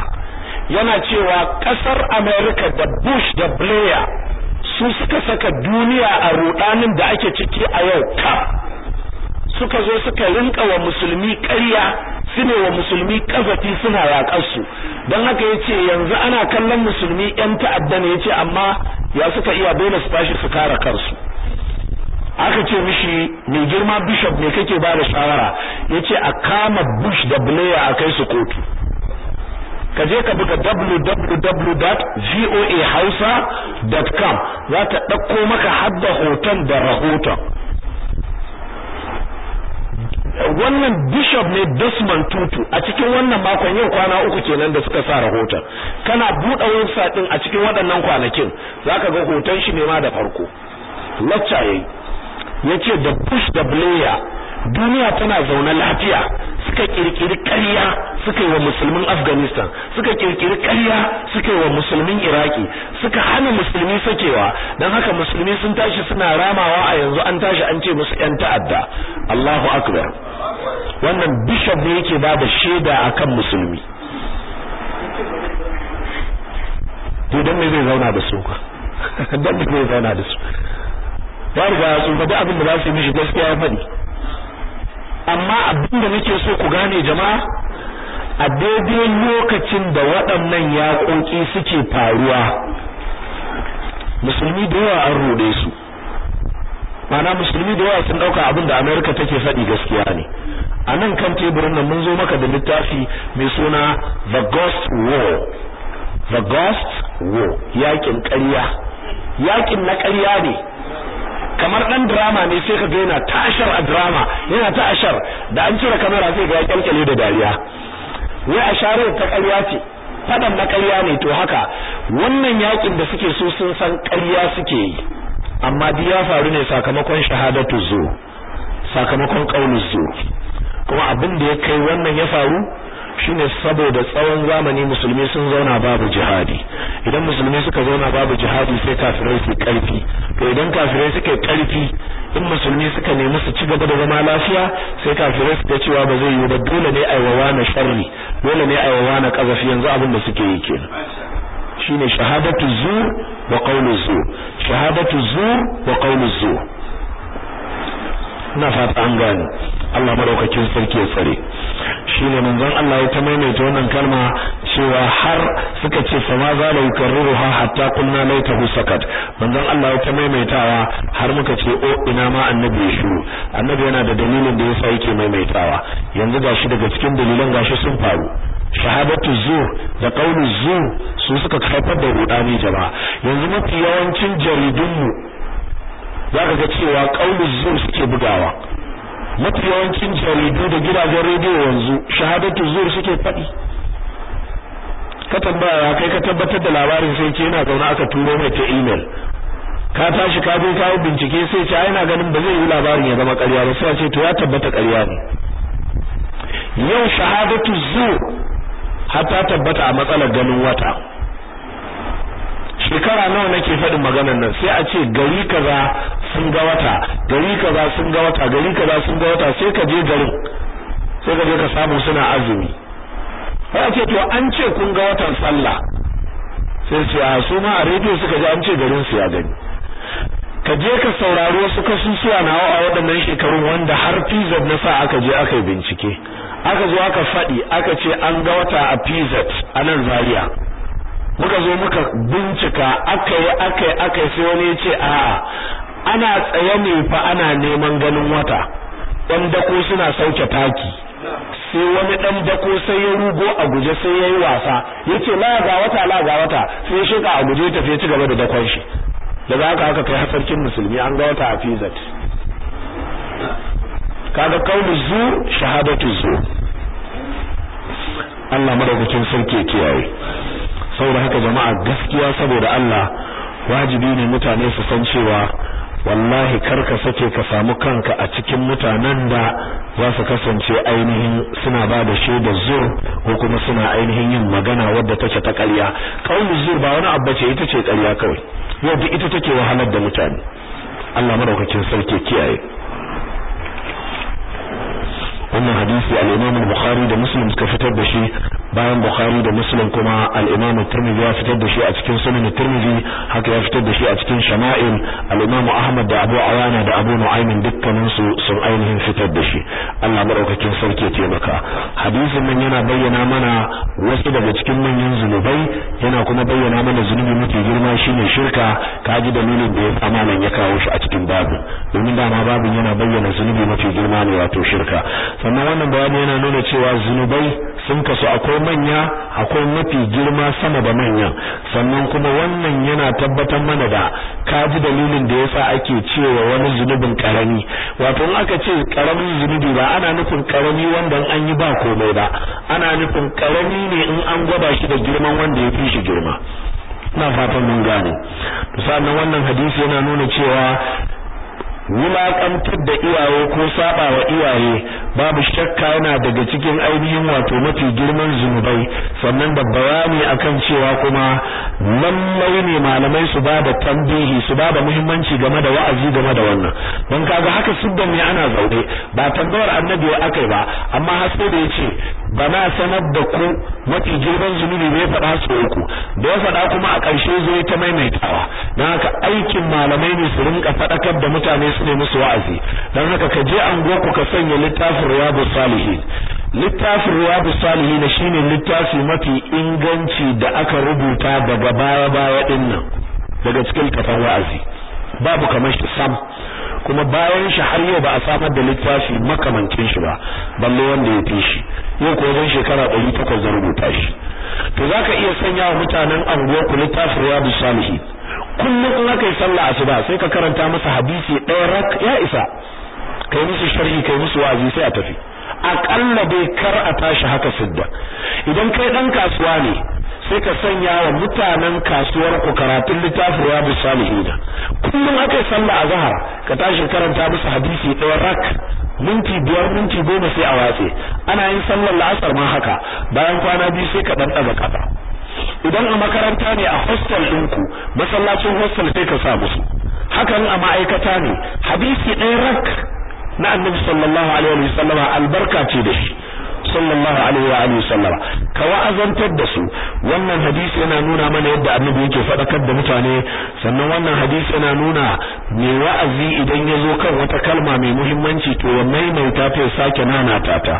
yana cewa kasar America da Bush da Blair su suka saka duniya a rudanin da ake ciki a yau ka suka zo suka rinka wa musulmi karya su ne wa musulmi kazafi suna yaƙar don haka ya ce yanzu ana kallon musulmi yan ta'adda ne ce amma ya suka iya dole su tashi su kare kansu aka ce mishi mai girma bishop ne kake ba da shawara ce a kama bush da blair a kai su kotu ka je ka buga www.voahausa.com za ta ɗauko maka hadda hoton da rahoton wannan bishop ne Desmond Tutu a cikin wannan makon yau kwana uku kenan da suka sa rahoton kana buɗe website din a cikin waɗannan kwanakin za ka ga hoton shi ne ma da farko Lacca yai, yace da Bush da Blair duniya tana zaune lafiya suka kirkiri karya suka yi wa musulmin afghanistan suka kirkiri karya suka yi wa musulmin iraki suka hana musulmi sakewa don haka musulmi sun tashi suna ramawa a yanzu an tashi an ce musu yan ta'adda allahu akbar wannan bishop ne yake ba da shaida kan musulmi to me zai zauna da su dan me zai zauna da su ya riga sun faɗi abin da za su yi mishi gaskiya faɗi amma abin da nake so ku gane jama'a a daidai lokacin da waɗannan yaƙoƙi suke faruwa musulmi da yawa an ruɗe su mana musulmi da yawa sun ɗauka abin da amerika take faɗi gaskiya ne a nan kan teburin nan mun zo maka da littafi mai suna the ghost war the ghost war yaƙin ƙarya yaƙin na ƙarya ne kamar dan drama ne sai ka ga yana tashar a drama yana ta da an cire kamera sai ga ya kyalkyale da dariya wai asharar ta ƙarya ce fadan na ƙarya ne to haka wannan yakin da suke so sun san ƙarya suke yi amma duk ya faru ne sakamakon shahadatu zo sakamakon qaulu zo kuma abin da ya kai wannan ya faru shine saboda tsawon zamani musulmi sun zauna babu jihadi idan musulmi suka zauna babu jihadi sai kafirai su karfi to idan kafirai suke karfi in musulmi suka nemi su ci gaba da zama lafiya sai kafirai su ga cewa ba zai yi ba dole ne wawa na sharri dole ne wawa na kazafi yanzu abin da suke yi kenan shine shahadatu zur wa qawlu zur shahadatu zur wa qawlu zur ina fata an gani. Allah madaukakin sarki ya tsare shine manzon Allah ya ta maimaita wannan kalma cewa har suka ce fa ma za la ha, hatta kunna laitahu sakat manzon Allah ya ta maimaitawa har muka ce o ina ma annabi ya shiru annabi yana da dalilin da yasa yake maimaitawa yanzu gashi daga cikin dalilan gashi sun faru shahadatu zur da qaulu zur su suka haifar da rudani jama'a yanzu mafi yawancin jaridunmu za ga cewa ƙaunin zur suke bugawa mafi yawancin jaridu da gidajen rediyo yanzu shahadatu zur suke faɗi ka tambaya kai ka tabbatar da labarin sai ke yana zaune aka turo mai ta email ka tashi ka je kawo bincike sai ce ai na ganin ba zai yi labarin ya zama ƙarya ba sai ce to ya tabbata ƙarya ne yau shahadatu zur har ta tabbata a matsalar ganin wata shekara nawa nake faɗin maganar nan sai a ce gari kaza sun ga wata gari kaza sun ga wata gari kaza sun ga wata sai ka je garin sai ka je ka samu suna azumi sai a ce to an ce kun ga watan sallah sai ce a su ma a rediyo suka ji an ce garin su ya gani ka je ka saurari wasu kasusuwa nawa a waɗannan shekarun wanda har pz na sa aka je aka yi bincike aka zo aka faɗi aka ce an ga wata a pz a nan zaria muka zo muka bincika aka yi aka sai wani ya ce a ana tsaye ne fa ana neman ganin wata ɗan dako suna sauke taki sai wani ɗan dako sai ya rugo a guje sai ya yi wasa ya ce la ga wata la ga wata sai ya shiga a guje tafi ci gaba da dakon shi daga haka haka kai hasarkin musulmi an ga wata a fizat kaga kaulu zu shahadatu zu Allah madaukakin sarki kiyaye saboda haka jama'a gaskiya saboda Allah wajibi ne mutane su san cewa wallahi kar ka sake ka samu kanka a cikin mutanen da za su kasance ainihin suna ba da shaida zur ko kuma suna ainihin yin magana wadda take ta ƙarya kawai zur ba wani abba ce ita ce ƙarya kawai yadda ita take wahalar da mutane Allah madaukakin sarki kiyaye wannan hadisi al-Imam al-Bukhari da Muslim suka fitar da shi bayan Bukhari da Muslim kuma al-Imam Tirmidhi ya fitar da shi a cikin Sunan Tirmidhi haka ya fitar da shi a cikin Shama'il al-Imam Ahmad da Abu Awana da Abu Nu'aym dukkanin su sun ainihin fitar da shi Allah madaukakin sarki ya taimaka hadisin nan yana bayyana mana wasu daga cikin manyan zunubai yana kuma bayyana mana zunubi mafi girma shine shirka kaji dalilin da ya sa malam ya kawo shi a cikin babu domin dama babin yana bayyana zunubi mafi girma ne wato shirka sannan wannan bayani yana nuna cewa zunubai sun kasu akwai manya akwai mafi girma sama da manya sannan kuma wannan yana tabbatar mana da kaji dalilin da yasa ake cewa wani zunubin karami wato in aka ce karamin zunubi ba ana nufin karami wanda an yi ba komai ba ana nufin karami ne in an gwada shi da girman wanda ya fi shi girma ina fatan mun gane sannan wannan hadisi yana nuna cewa wulaƙantar da iyaye ko saba wa iyaye babu shakka yana daga cikin ainihin wato mafi girman zunubai sannan da bayani akan cewa kuma lallai ne malamai su ba da tambihi su ba da muhimmanci game da wa'azi game da wannan don kaga haka siddan ne ana zaune ba tambayar annabi akai ba amma har sai da yace bana sanar da ku mafi girman zunubi ne faɗa su uku da ya faɗa kuma a ƙarshe zai ta maimaitawa don haka aikin malamai ne su rinka faɗakar da mutane su ne musu wa'azi dan haka ka je anguwarku ka sanya littafin riyadu salihin littafin riyadu salihin shine littafi mafi inganci da aka rubuta daga baya baya dinnan daga cikin kafan wa'azi babu kamar shi sam kuma bayan shi har yau ba a samar da littafi makamancin shi ba balle wanda ya fi shi yau ko zan shekara 800 da rubuta shi to zaka iya sanya wa mutanen anguwa ku littafin riyadu salihin kullum in aka yi sallah asuba sai ka karanta masa hadisi ɗaya rak ya isa kai musu sharhi kai musu wazi sai a tafi aƙalla dai kar a tashi haka sidda idan kai ɗan kasuwa ne sai ka sanya wa mutanen kasuwar ku karatun littafin riyadu salihina kullum aka yi sallah zahar ka tashi karanta musu hadisi ɗaya rak minti biyar minti goma sai a watse ana yin sallar la'asar ma haka bayan kwana biyu sai ka dan daga kafa idan a makaranta ne a hostel ɗinku masallacin hostel sai ka sa musu hakan a ma'aikata ne hadisi ɗaya rak na annabi sallallahu alaihi wa sallama albarka ce da shi sallallahu alaihi wa alihi sallam ka wa'azantar da su wannan hadisi yana nuna mana yadda annabi yake fadakar da mutane sannan wannan hadisi yana nuna mai wa'azi idan ya zo kan wata kalma mai muhimmanci to ya maimaita ta ya sake nanata ta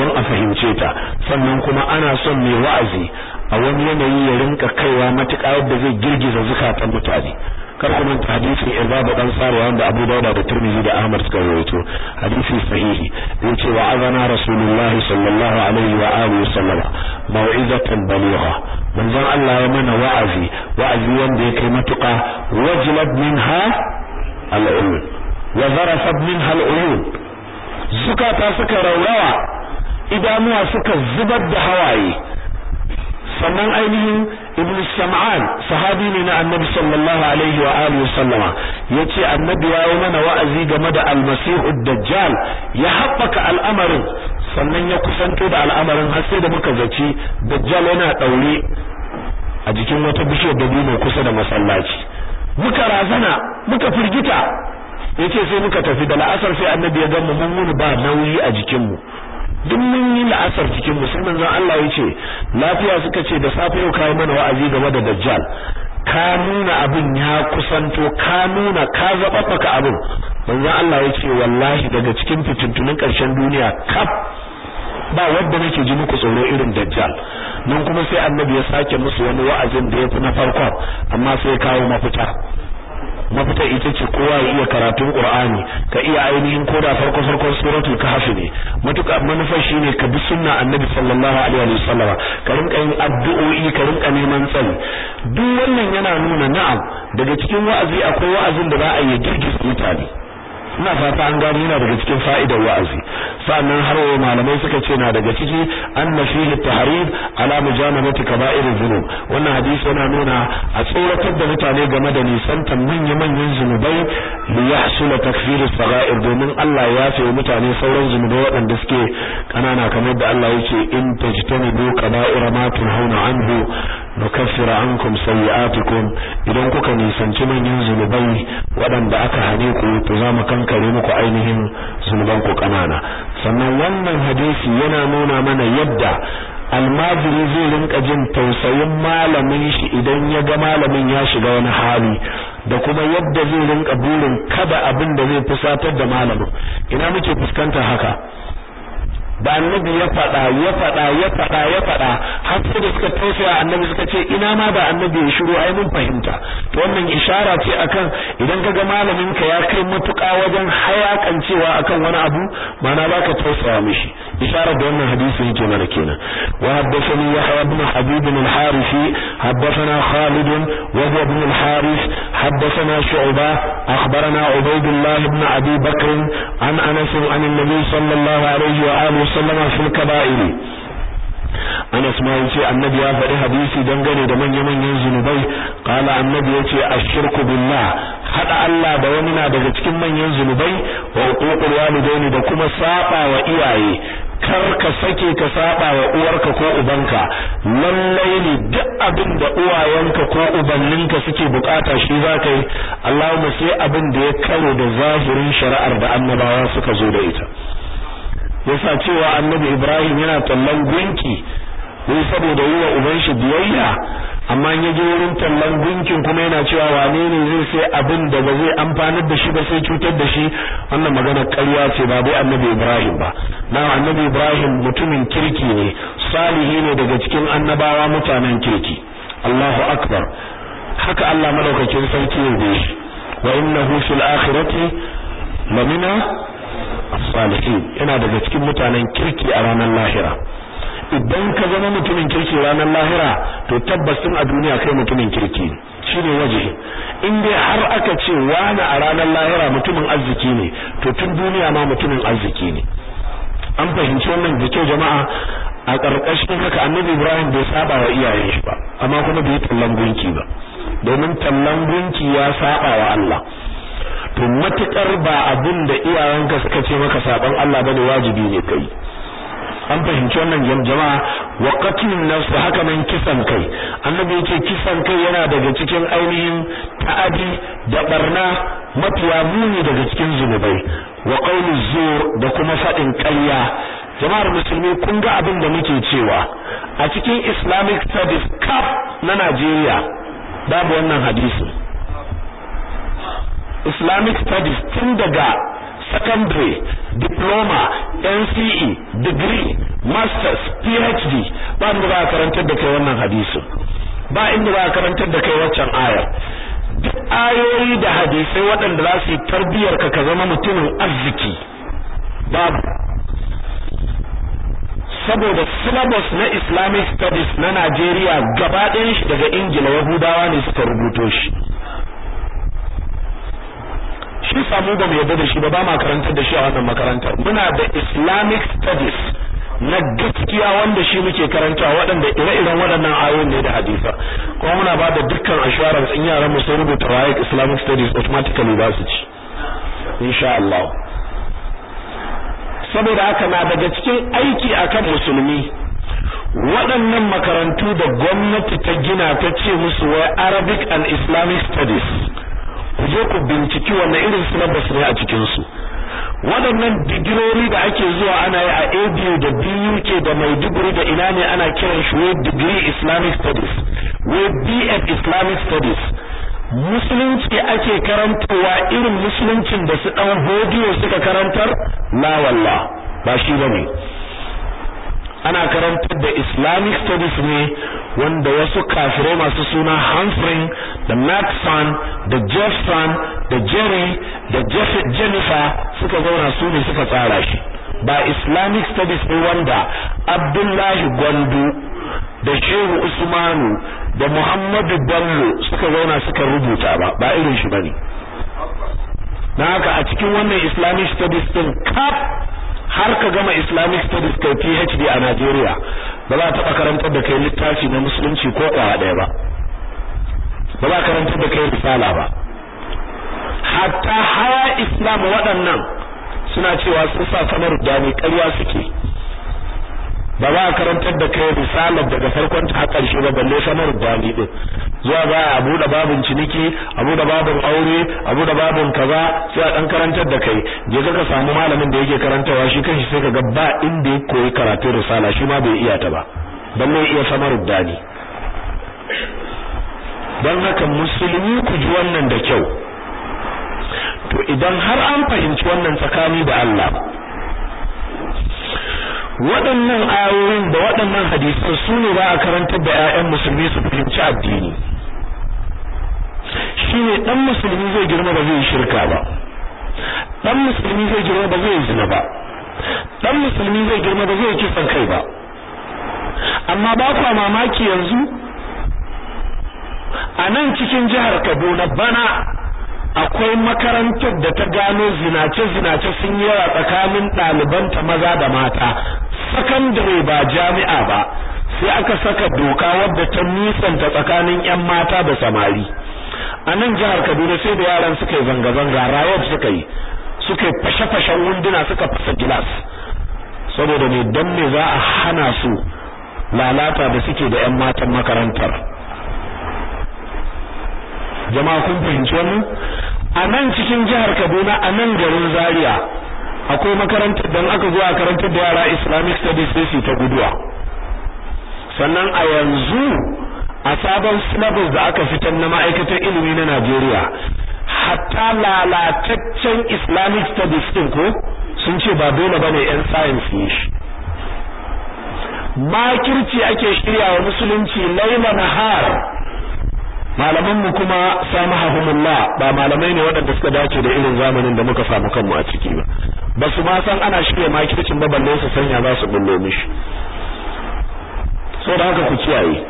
don a fahimce ta sannan kuma ana son mai wa'azi a wani yanayi ya rinka kaiwa matuƙa yadda zai girgiza zukatan mutane kar ku manta hadisin Ibadu dan Sarwa wanda Abu Dawud da Tirmidhi da Ahmad suka rawaito hadisi sahihi yace wa azana Rasulullahi sallallahu alaihi wa alihi sallama mau'izatan baligha manzon Allah ya mana wa'azi wa'azi wanda ya kai matuƙa wajlad minha al'uyun wa zarafat minha al'uyun zukata suka raurawa idanuwa suka zubar da hawaye sannan ainihin ibn sam'an sahabi ne na annabi sallallahu alaihi wa alihi sallama yace annabi ya yi mana wa'azi game da almasihu dajjal ya haɓaka al'amarin sannan ya kusanto da al'amarin har sai da muka zaci dajjal yana daure a jikin wata bishiyar mai kusa da masallaci muka razana muka firgita yace sai muka tafi da la'asar sai annabi ya gama mu mun ba nauyi a jikin mu duk mun yi la'asar cikin mu sai manzon Allah ya ce lafiya suka ce da safe yau kai mana wa'azi game da dajjal ka nuna abin ya kusanto ka nuna ka zaɓaɓɓaka abin manzon Allah ya ce wallahi daga cikin fitintunin karshen duniya kaf ba wadda nake ji muku tsoro irin dajjal nan kuma sai annabi ya sake musu wani wa'azin da ya fi na farkon amma sai kawo mafita mafita ita ce kowa ya iya karatun qur'ani ka iya ainihin da farko farkon suratul kahf ne matuka manufar shine ka bi sunna annabi sallallahu alaihi wa sallam ka rinka yin addu'o'i ka rinka neman tsari duk wannan yana nuna na'am daga cikin wa'azi akwai wa'azin da za a yi girgiza mutane ina fata an gani yana daga cikin fa'idar wa'azi sannan har wa malamai suka ce na daga ciki anna fihi tahrib ala mujamalati kaba'ir dhunub wannan hadisi yana nuna a tsoratar da mutane game da nisantan manyan manyan zunubai li yahsula takfir sagair domin Allah ya yafe mutane sauran zunubai waɗanda suke kanana kamar da Allah yake in tajtanibu kaba'ir ma tunhauna anhu nukaffira ankum sayyi'atikum idan kuka nisanci manyan zunubai waɗanda aka hane ku to za mu kan kare muku ainihin zunuban ku kanana sannan wannan hadisi yana nuna mana yadda almajiri zai rinka jin tausayin malamin shi idan ya ga malamin ya shiga wani hali da kuma yadda zai rinka burin kada abin da zai fusatar da malamin ina muke fuskantar haka da annabi ya faɗa ya faɗa ya faɗa ya faɗa har sai da suka tausaya annabi suka ce ina ma da annabi ya shiru ai mun fahimta to wannan ishara ce akan idan ga malamin ka ya kai matuƙa wajen hayakancewa akan wani abu mana ka tausa mishi ishara da wannan hadisi yake mana kenan wa haddathani yahya ibn habib al-harithi haddathana khalid wa huwa ibn al-harith haddathana shu'ba akhbarana ubaydullah ibn abi bakr an anas an an-nabi sallallahu alaihi wa alihi wasallama fil kaba'iri Anas ma yace annabi ya faɗi hadisi dangane da manya-manyan zunubai qala annabi yace ashirku billah hada Allah da wani na daga cikin manyan zunubai wa uququl walidaini da kuma saba wa iyaye kar ka sake ka saba wa uwarka ko ubanka lallai ne duk abin da uwayenka ko ubanninka suke bukata shi za ka yi Allahumma sai abin da ya karo da zahirin shari'ar da annabawa suka zo da ita yasa cewa annabi ibrahim yana tallan gunki ne saboda yi wa uban shi biyayya amma ya je wurin tallan gunkin kuma yana cewa wane ne zai sai abin da ba zai amfanar da shi ba sai cutar da shi wannan magana karya ce ba bai annabi ibrahim ba na annabi ibrahim mutumin kirki ne salihi ne daga cikin annabawa mutanen kirki allahu akbar haka allah madaukakin sarki ya shi wa innahu fil akhirati lamina salihin yana daga cikin mutanen kirki a ranar lahira idan ka zama mutumin kirki ranar lahira to tabbasin a duniya kai mutumin kirki shine waje in dai har aka ce wani a ranar lahira mutumin arziki ne to tun duniya ma mutumin arziki ne an fahimci wannan da kyau jama'a a ƙarƙashin haka annabi ibrahim bai saba wa iyayen shi ba amma kuma bai tallan gunki ba domin tallan gunki ya saba wa Allah to matukar ba abin da iyayenka suka ce maka saban Allah bane wajibi ne kai an fahimci wannan jama'a wa qatlun nafs haka nan kisan kai annabi yace kisan kai yana daga cikin ainihin ta'adi da barna mafiya muni daga cikin zunubai wa qawlu zur da kuma fadin ƙarya jama'ar musulmi kun ga abin da muke cewa a cikin islamic studies cup na Najeriya babu wannan hadisi islamic studies tun daga secondary diploma nce degree masters phd ba inda za a karantar da kai wannan hadisin ba inda za a karantar da kai waccan ayar duk ayoyi da hadisai waɗanda za su yi tarbiyyar ka ka zama mutumin arziki babu saboda syllabus na islamic studies na Najeriya gaba ɗayan shi daga ingila yahudawa ne suka rubuto shi shi samu ba mu da shi ba ba ma da shi a wannan makarantar muna da islamic studies na gaskiya wanda shi muke karanta waɗanda ire-iren waɗannan ayoyin ne da hadisa kuma muna ba da dukkan assurance in yaran mu sun rubuta wayek islamic studies automatically za su ci insha Allah saboda haka na daga cikin aiki akan musulmi waɗannan makarantu da gwamnati ta gina ta ce musu wai arabic and islamic studies je ku binciki wannan irin su ne a cikinsu. waɗannan digirori da ake zuwa ana yi a ABU da BUK da mai Maiduguri da ina ne ana kiran shi wai degree Islamic studies wai BF Islamic studies musulunci ake karantowa irin musuluncin da su ɗan hodiyo suka karantar Na walla ba shi ne. ana karantar da islamic studies ne wanda wasu kafirai masu suna hamfrin da Maxon da Jefferson da Jerry da Jennifer suka zauna su ne suka tsara shi ba Islamic studies ne wanda Abdullahi Gwandu da Shehu Usmanu da Muhammadu Bello suka zauna suka rubuta ba ba irin shi bane na haka a cikin wannan Islamic studies din kap har ka gama Islamic studies kai PhD a Najeriya ba za ta karantar da kai littafi na musulunci ko kwaya ɗaya ba ba za karanta da kai misala ba hatta haya islam waɗannan suna cewa sun sa samar da ne ƙarya suke ba za a karantar da kai misala daga farkon ta ƙarshe ba balle samar da ne din zuwa ba a buɗe babin ciniki a buɗe babin aure a buɗe babin kaza sai a dan karantar da kai je ka samu malamin da yake karantawa shi kanshi sai ka ga ba inda ya koyi karatun risala shi ma bai iya ta ba balle iya samar da ne don haka musulmi ku ji wannan da kyau to idan har an fahimci wannan tsakani da Allah waɗannan ayoyin da waɗannan hadisan su ne za a karantar da 'ya'yan musulmi su fahimci addini shine ɗan musulmi zai girma ba zai shirka ba ɗan musulmi zai girma ba zai zina ba ɗan musulmi zai girma ba zai kisan kai ba amma ba kwa mamaki yanzu a nan cikin jihar kaduna bana akwai makarantar da ta gano zinace-zinace sun yi yawa tsakanin ɗalibanta maza da mata sakandare ba jami'a ba sai aka saka doka wadda ta nisanta tsakanin 'yan mata da samari a nan jihar kaduna sai da yaran suka yi zanga-zanga rayuwar suka yi suka yi fashe-fashen wunduna suka fasa gilas saboda ne don me za a hana su lalata da suke da 'yan matan makarantar jama'a kun fahimci wannan a nan cikin jihar Kaduna a nan garin Zaria akwai makarantar dan aka zo a karantar da yara Islamic Studies sai ta guduwa sannan a yanzu a sabon syllabus da aka fitar na ma'aikatar ilimi na Najeriya hatta lalataccen Islamic Studies din ko sun ce ba dole bane yan science ne shi makirci ake shirya wa musulunci laila nahar malamanmu kuma samahahumullah ba malamai ne waɗanda suka dace da irin zamanin da muka samu kanmu a ciki ba ba su ma san ana shirya kicin ba balle su sanya za su bullo mishi So da haka ku kiyaye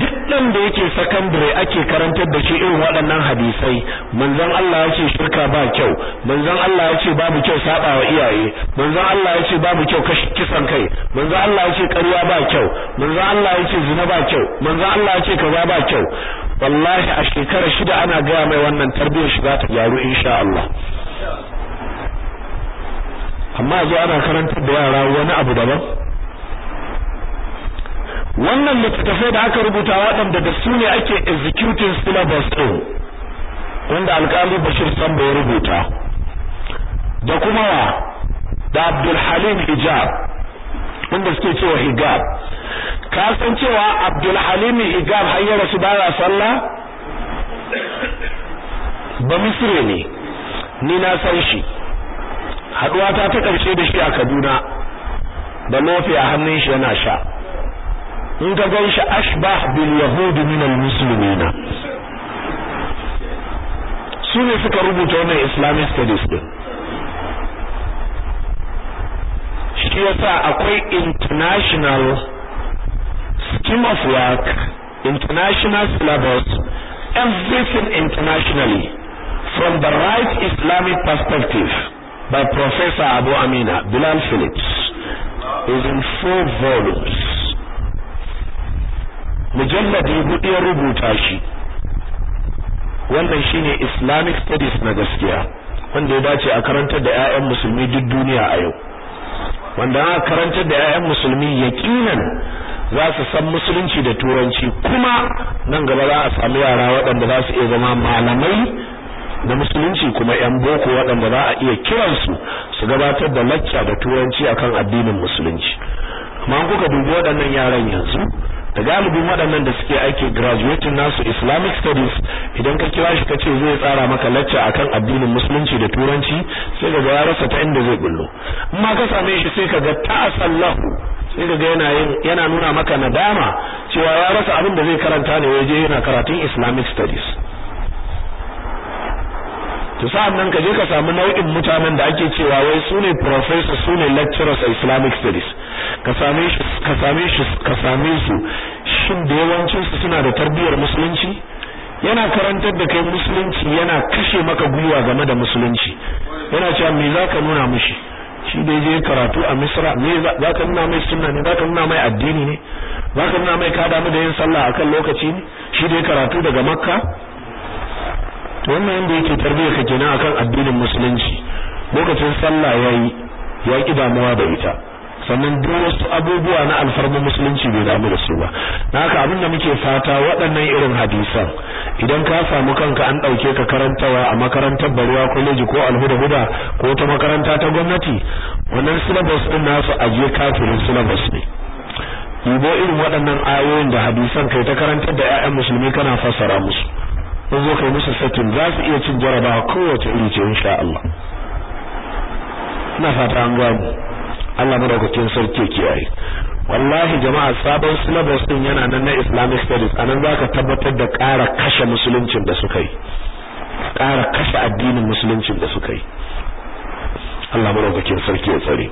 duk ɗan da yake sakandare ake karantar da shi irin waɗannan hadisai manzon Allah yace shirka ba kyau manzon Allah yace babu kyau saba wa iyaye manzon Allah yace babu kyau kisan kai manzon Allah yace ƙarya ba kyau manzon Allah yace zina ba kyau manzon Allah yace kaza ba kyau wallahi a shekara shida ana gaya mai wannan tarbiyyar shi za ta gyaru insha Allah amma zo ana karantar da yara wani abu daban wannan littattafai da aka rubuta waɗanda da su ne ake executing syllabus ɗin wanda alƙali Bashir Sambo ya rubuta da kuma wa da Abdul Halim Hijab wanda suke cewa Hijab ka san cewa Abdul Halim Igab har ya rasu sallah ba misre ne ni na san shi haduwa ta ta karshe da shi a Kaduna da mafi a hannun shi yana sha in ka gan shi ashbah bil yahud min al muslimina su ne suka rubuta wannan islamic studies din shi yasa akwai international scheme of work, international syllabus, everything internationally from the right Islamic perspective by Professor Abu Amina, Bilal Phillips, is in four volumes. Mujalladi hudu ya rubuta shi, wannan shine Islamic Studies na gaskiya, wanda ya dace a karantar da 'ya'yan musulmi duk duniya a yau. Wanda aka karantar da 'ya'yan musulmi yakinan za su san musulunci da turanci kuma nan gaba za a samu yara waɗanda za su iya zama malamai da musulunci kuma yan boko waɗanda za a iya kiransu su gabatar da lacca da turanci akan addinin musulunci amma kuka dubi waɗannan yaran yanzu da galibin waɗannan da suke aiki graduating nasu islamic studies idan ka kira shi ka ce zai tsara maka lacca akan addinin musulunci da turanci sai ga ya rasa ta inda zai bullo amma ka same shi sai ka ga ta'asallahu sai ka ga yana yana nuna maka nadama cewa ya rasa abin da zai karanta ne waje yana karatun islamic studies to sa'an nan ka je ka samu nau'in mutanen da ake cewa wai su ne professor su ne lecturers a islamic studies ka same shi ka same su shin da yawancin su suna da tarbiyyar musulunci yana karantar da kai musulunci yana kashe maka gwiwa game da musulunci yana cewa me za ka nuna mishi shi dai je karatu a misra me za ka nuna mai sunna ne za ka nuna mai addini ne Za ka nuna mai ka damu da yin sallah akan lokaci ne shi dai karatu daga makka wannan yanda yake tarbiyyar ka kenan akan addinin musulunci lokacin sallah yayi ya ki damuwa da ita sannan duk wasu abubuwa na alfarmin musulunci bai damu da su ba na haka abinda muke fata waɗannan irin hadisan idan ka samu kanka an ɗauke ka karantawa a makarantar baruwa kwaleji ko alhuda-huda ko ta makaranta ta gwamnati wannan syllabus ɗin nasu ajiye kafirin syllabus ne ibo irin waɗannan ayoyin da hadisan kai ta karantar da 'ya'yan musulmi kana fassara musu in zo kai musu sakin za su iya cin jarabawa kowace iri ce sha Allah ina fata an gani Allah madaukakin sarki kiyaye wallahi jama'a sabon syllabus din yana nan na Islamic studies anan zaka tabbatar da ƙara kashe musuluncin da suka yi ƙara kashe addinin musuluncin da suka yi Allah madaukakin sarki ya tsare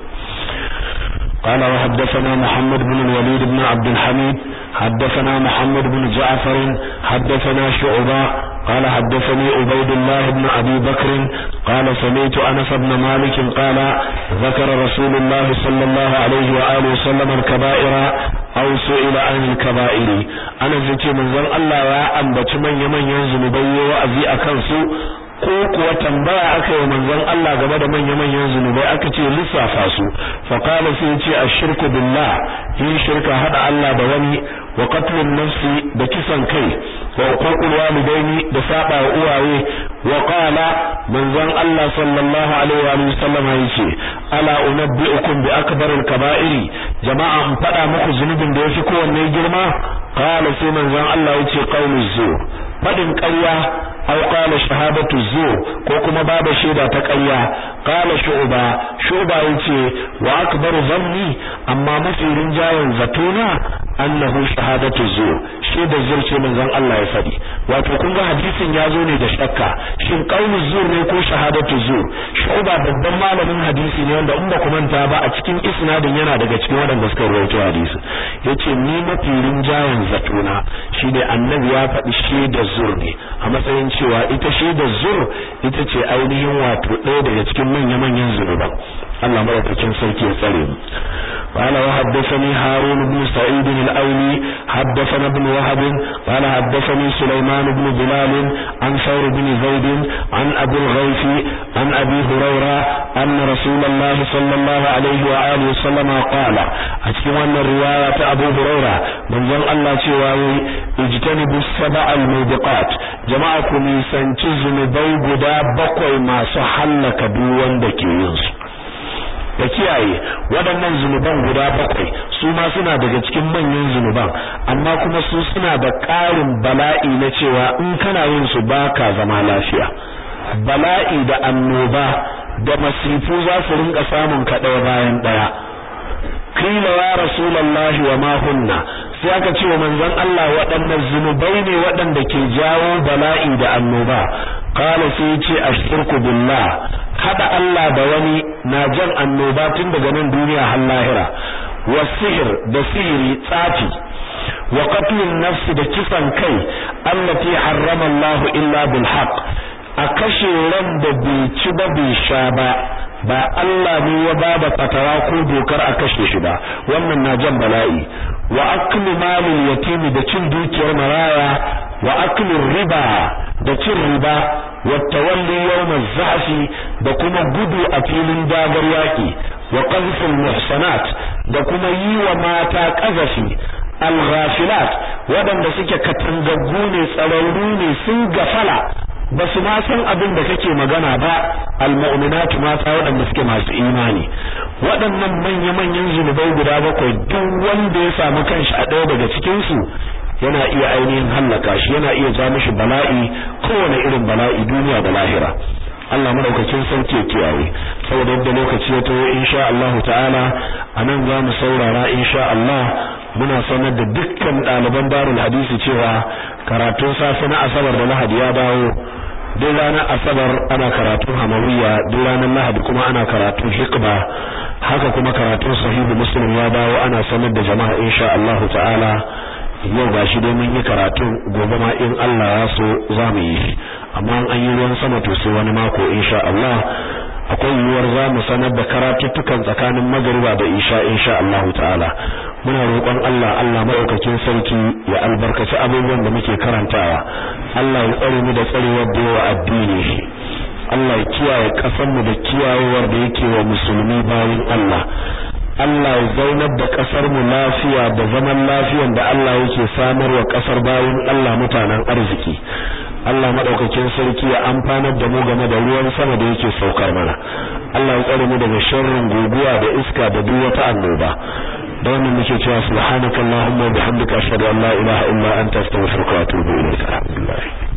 قال وحدثنا محمد بن الوليد بن عبد الحميد حدثنا محمد بن جعفر حدثنا شعبة قال حدثني عبيد الله بن أبي بكر قال سمعت أنس بن مالك قال ذكر رسول الله صلى الله عليه وآله وسلم الكبائر أو سئل عن الكبائر أنا زكي من ذن الله وأنبت من يمن ينزل بي وأذي أكنسو ko kuwa tambaya aka yi manzon Allah game da manya-manyan zunubai aka ce lissafa su fa qala sai ce ashirku billah yin shirka hada Allah da wani wa qatlun nafsi da kisan kai wa uqul walidaini da saba wa uwaye wa qala manzon Allah sallallahu alaihi wa sallam ce ala unabbiukum bi akbaril kaba'iri jama'a in fada muku zunubin da yafi kowanne girma qala sai manzon Allah ce qauluz zuwa. fadin ƙarya aw qala shahadatu zu ko kuma babu shaida ta ƙarya qala shu'ba shu'ba yace wa akbaru zanni amma mafi rinjayen zatona annahu shahadatu zu sheda zurce manzon Allah ya faɗi wato kun ga hadisin ya zo ne da shakka shin qaulu zu ne ko shahadatu zu shu'ba babban malamin hadisi ne wanda in ba ku manta ba a cikin isnadin yana daga cikin waɗanda suka rawaito hadisi yace ni mafi rinjayen zatona shine annabi ya faɗi shaida zur ne a matsayin cewa ita shaida zur ita ce ainihin wato ɗaya daga cikin manya-manyan zunuban Allah madaukakin sarki ya tsare mu قال وحدثني هارون بن سعيد الأولي حدثنا ابن وهب قال حدثني سليمان بن بلال عن ثور بن زيد عن أبي الغيث عن أبي هريرة أن رسول الله صلى الله عليه وآله وسلم قال أتكلم الرواية أبو هريرة من ذن الله تواوي اجتنبوا السبع الموبقات jama'a ku nisanci zunubai guda bakwai masu hallaka duk wanda ke yin su da kiyaye waɗannan zunuban guda bakwai su ma suna daga cikin manyan zunuban amma kuma su suna da ƙarin bala'i na cewa in kana yin su baka zama lafiya bala'i da annoba da masifu za su rinka samun ka ɗaya bayan ɗaya Kila ya rasulullahi wa ma hunna sai aka ce wa manzon Allah waɗannan zunubai ne waɗanda ke jawo bala'i da annoba qala sai ce ashirku billah hada Allah da wani na jan annoba tun daga nan duniya har lahira wasihir da sihiri tsafi wa qatlun nafsi da kisan kai allati harrama Allah illa bil haqq a kashe ran da bai ci ba bai sha ba ba Allah ne ya ba da fatara ko dokar a kashe shi ba wannan na jan bala'i wa aklu malul yatim da cin dukiyar maraya wa aklu riba da cin riba wa tawalli yawm az-za'fi da kuma gudu a filin dagar yaki wa al muhsanat da kuma yi wa mata qazafi al-ghafilat wadanda suke katangaggu ne tsararru ne sun gafala ba su ma san abin da kake magana ba almu'minatu mata waɗanda suke masu imani waɗannan manya manyan zunubai guda bakwai duk wanda ya samu kanshi a ɗaya daga cikin su yana iya ainihin hallaka shi yana iya ja mishi bala'i kowane irin bala'i duniya da lahira Allah madaukakin sarki ya kiyaye saboda yadda lokaci ya tawo insha Allah ta'ala anan za mu saurara insha Allah muna sanar da dukkan ɗaliban darul hadisi cewa karatun safe na asabar da lahadi ya dawo duk ranar asabar ana karatun hamawiya duk ranar lahadi kuma ana karatun hikba haka kuma karatun sahihu muslim ya dawo ana sanar da jama'a insha Allah ta'ala yau ba shi dai mun yi karatu gobe ma in Allah ya so za mu yi shi amma an yi ruwan sama to sai wani mako insha Allah akwai yiwuwar za mu sanar da karatuttukan tsakanin magariba da isha insha Allah ta'ala muna roƙon Allah Allah maɗaukakin sarki ya albarkaci abubuwan da muke karantawa Allah ya tsare mu da tsarewar da yawa addini Allah ya kiyaye ƙasarmu da kiyayewar da yake wa musulmi bayan Allah Allah ya zaunar da kasar mu lafiya da zaman lafiyan da Allah yake samarwa kasar bayan Allah mutanen arziki Allah maɗaukakin sarki ya amfanar da mu game da ruwan sama da yake saukar mana Allah ya tsare mu daga sharrin guguwa da iska da duk wata annoba da wannan muke cewa subhanakallahumma wa bihamdika ashhadu an la ilaha illa anta astaghfiruka wa atubu ilayk alhamdulillah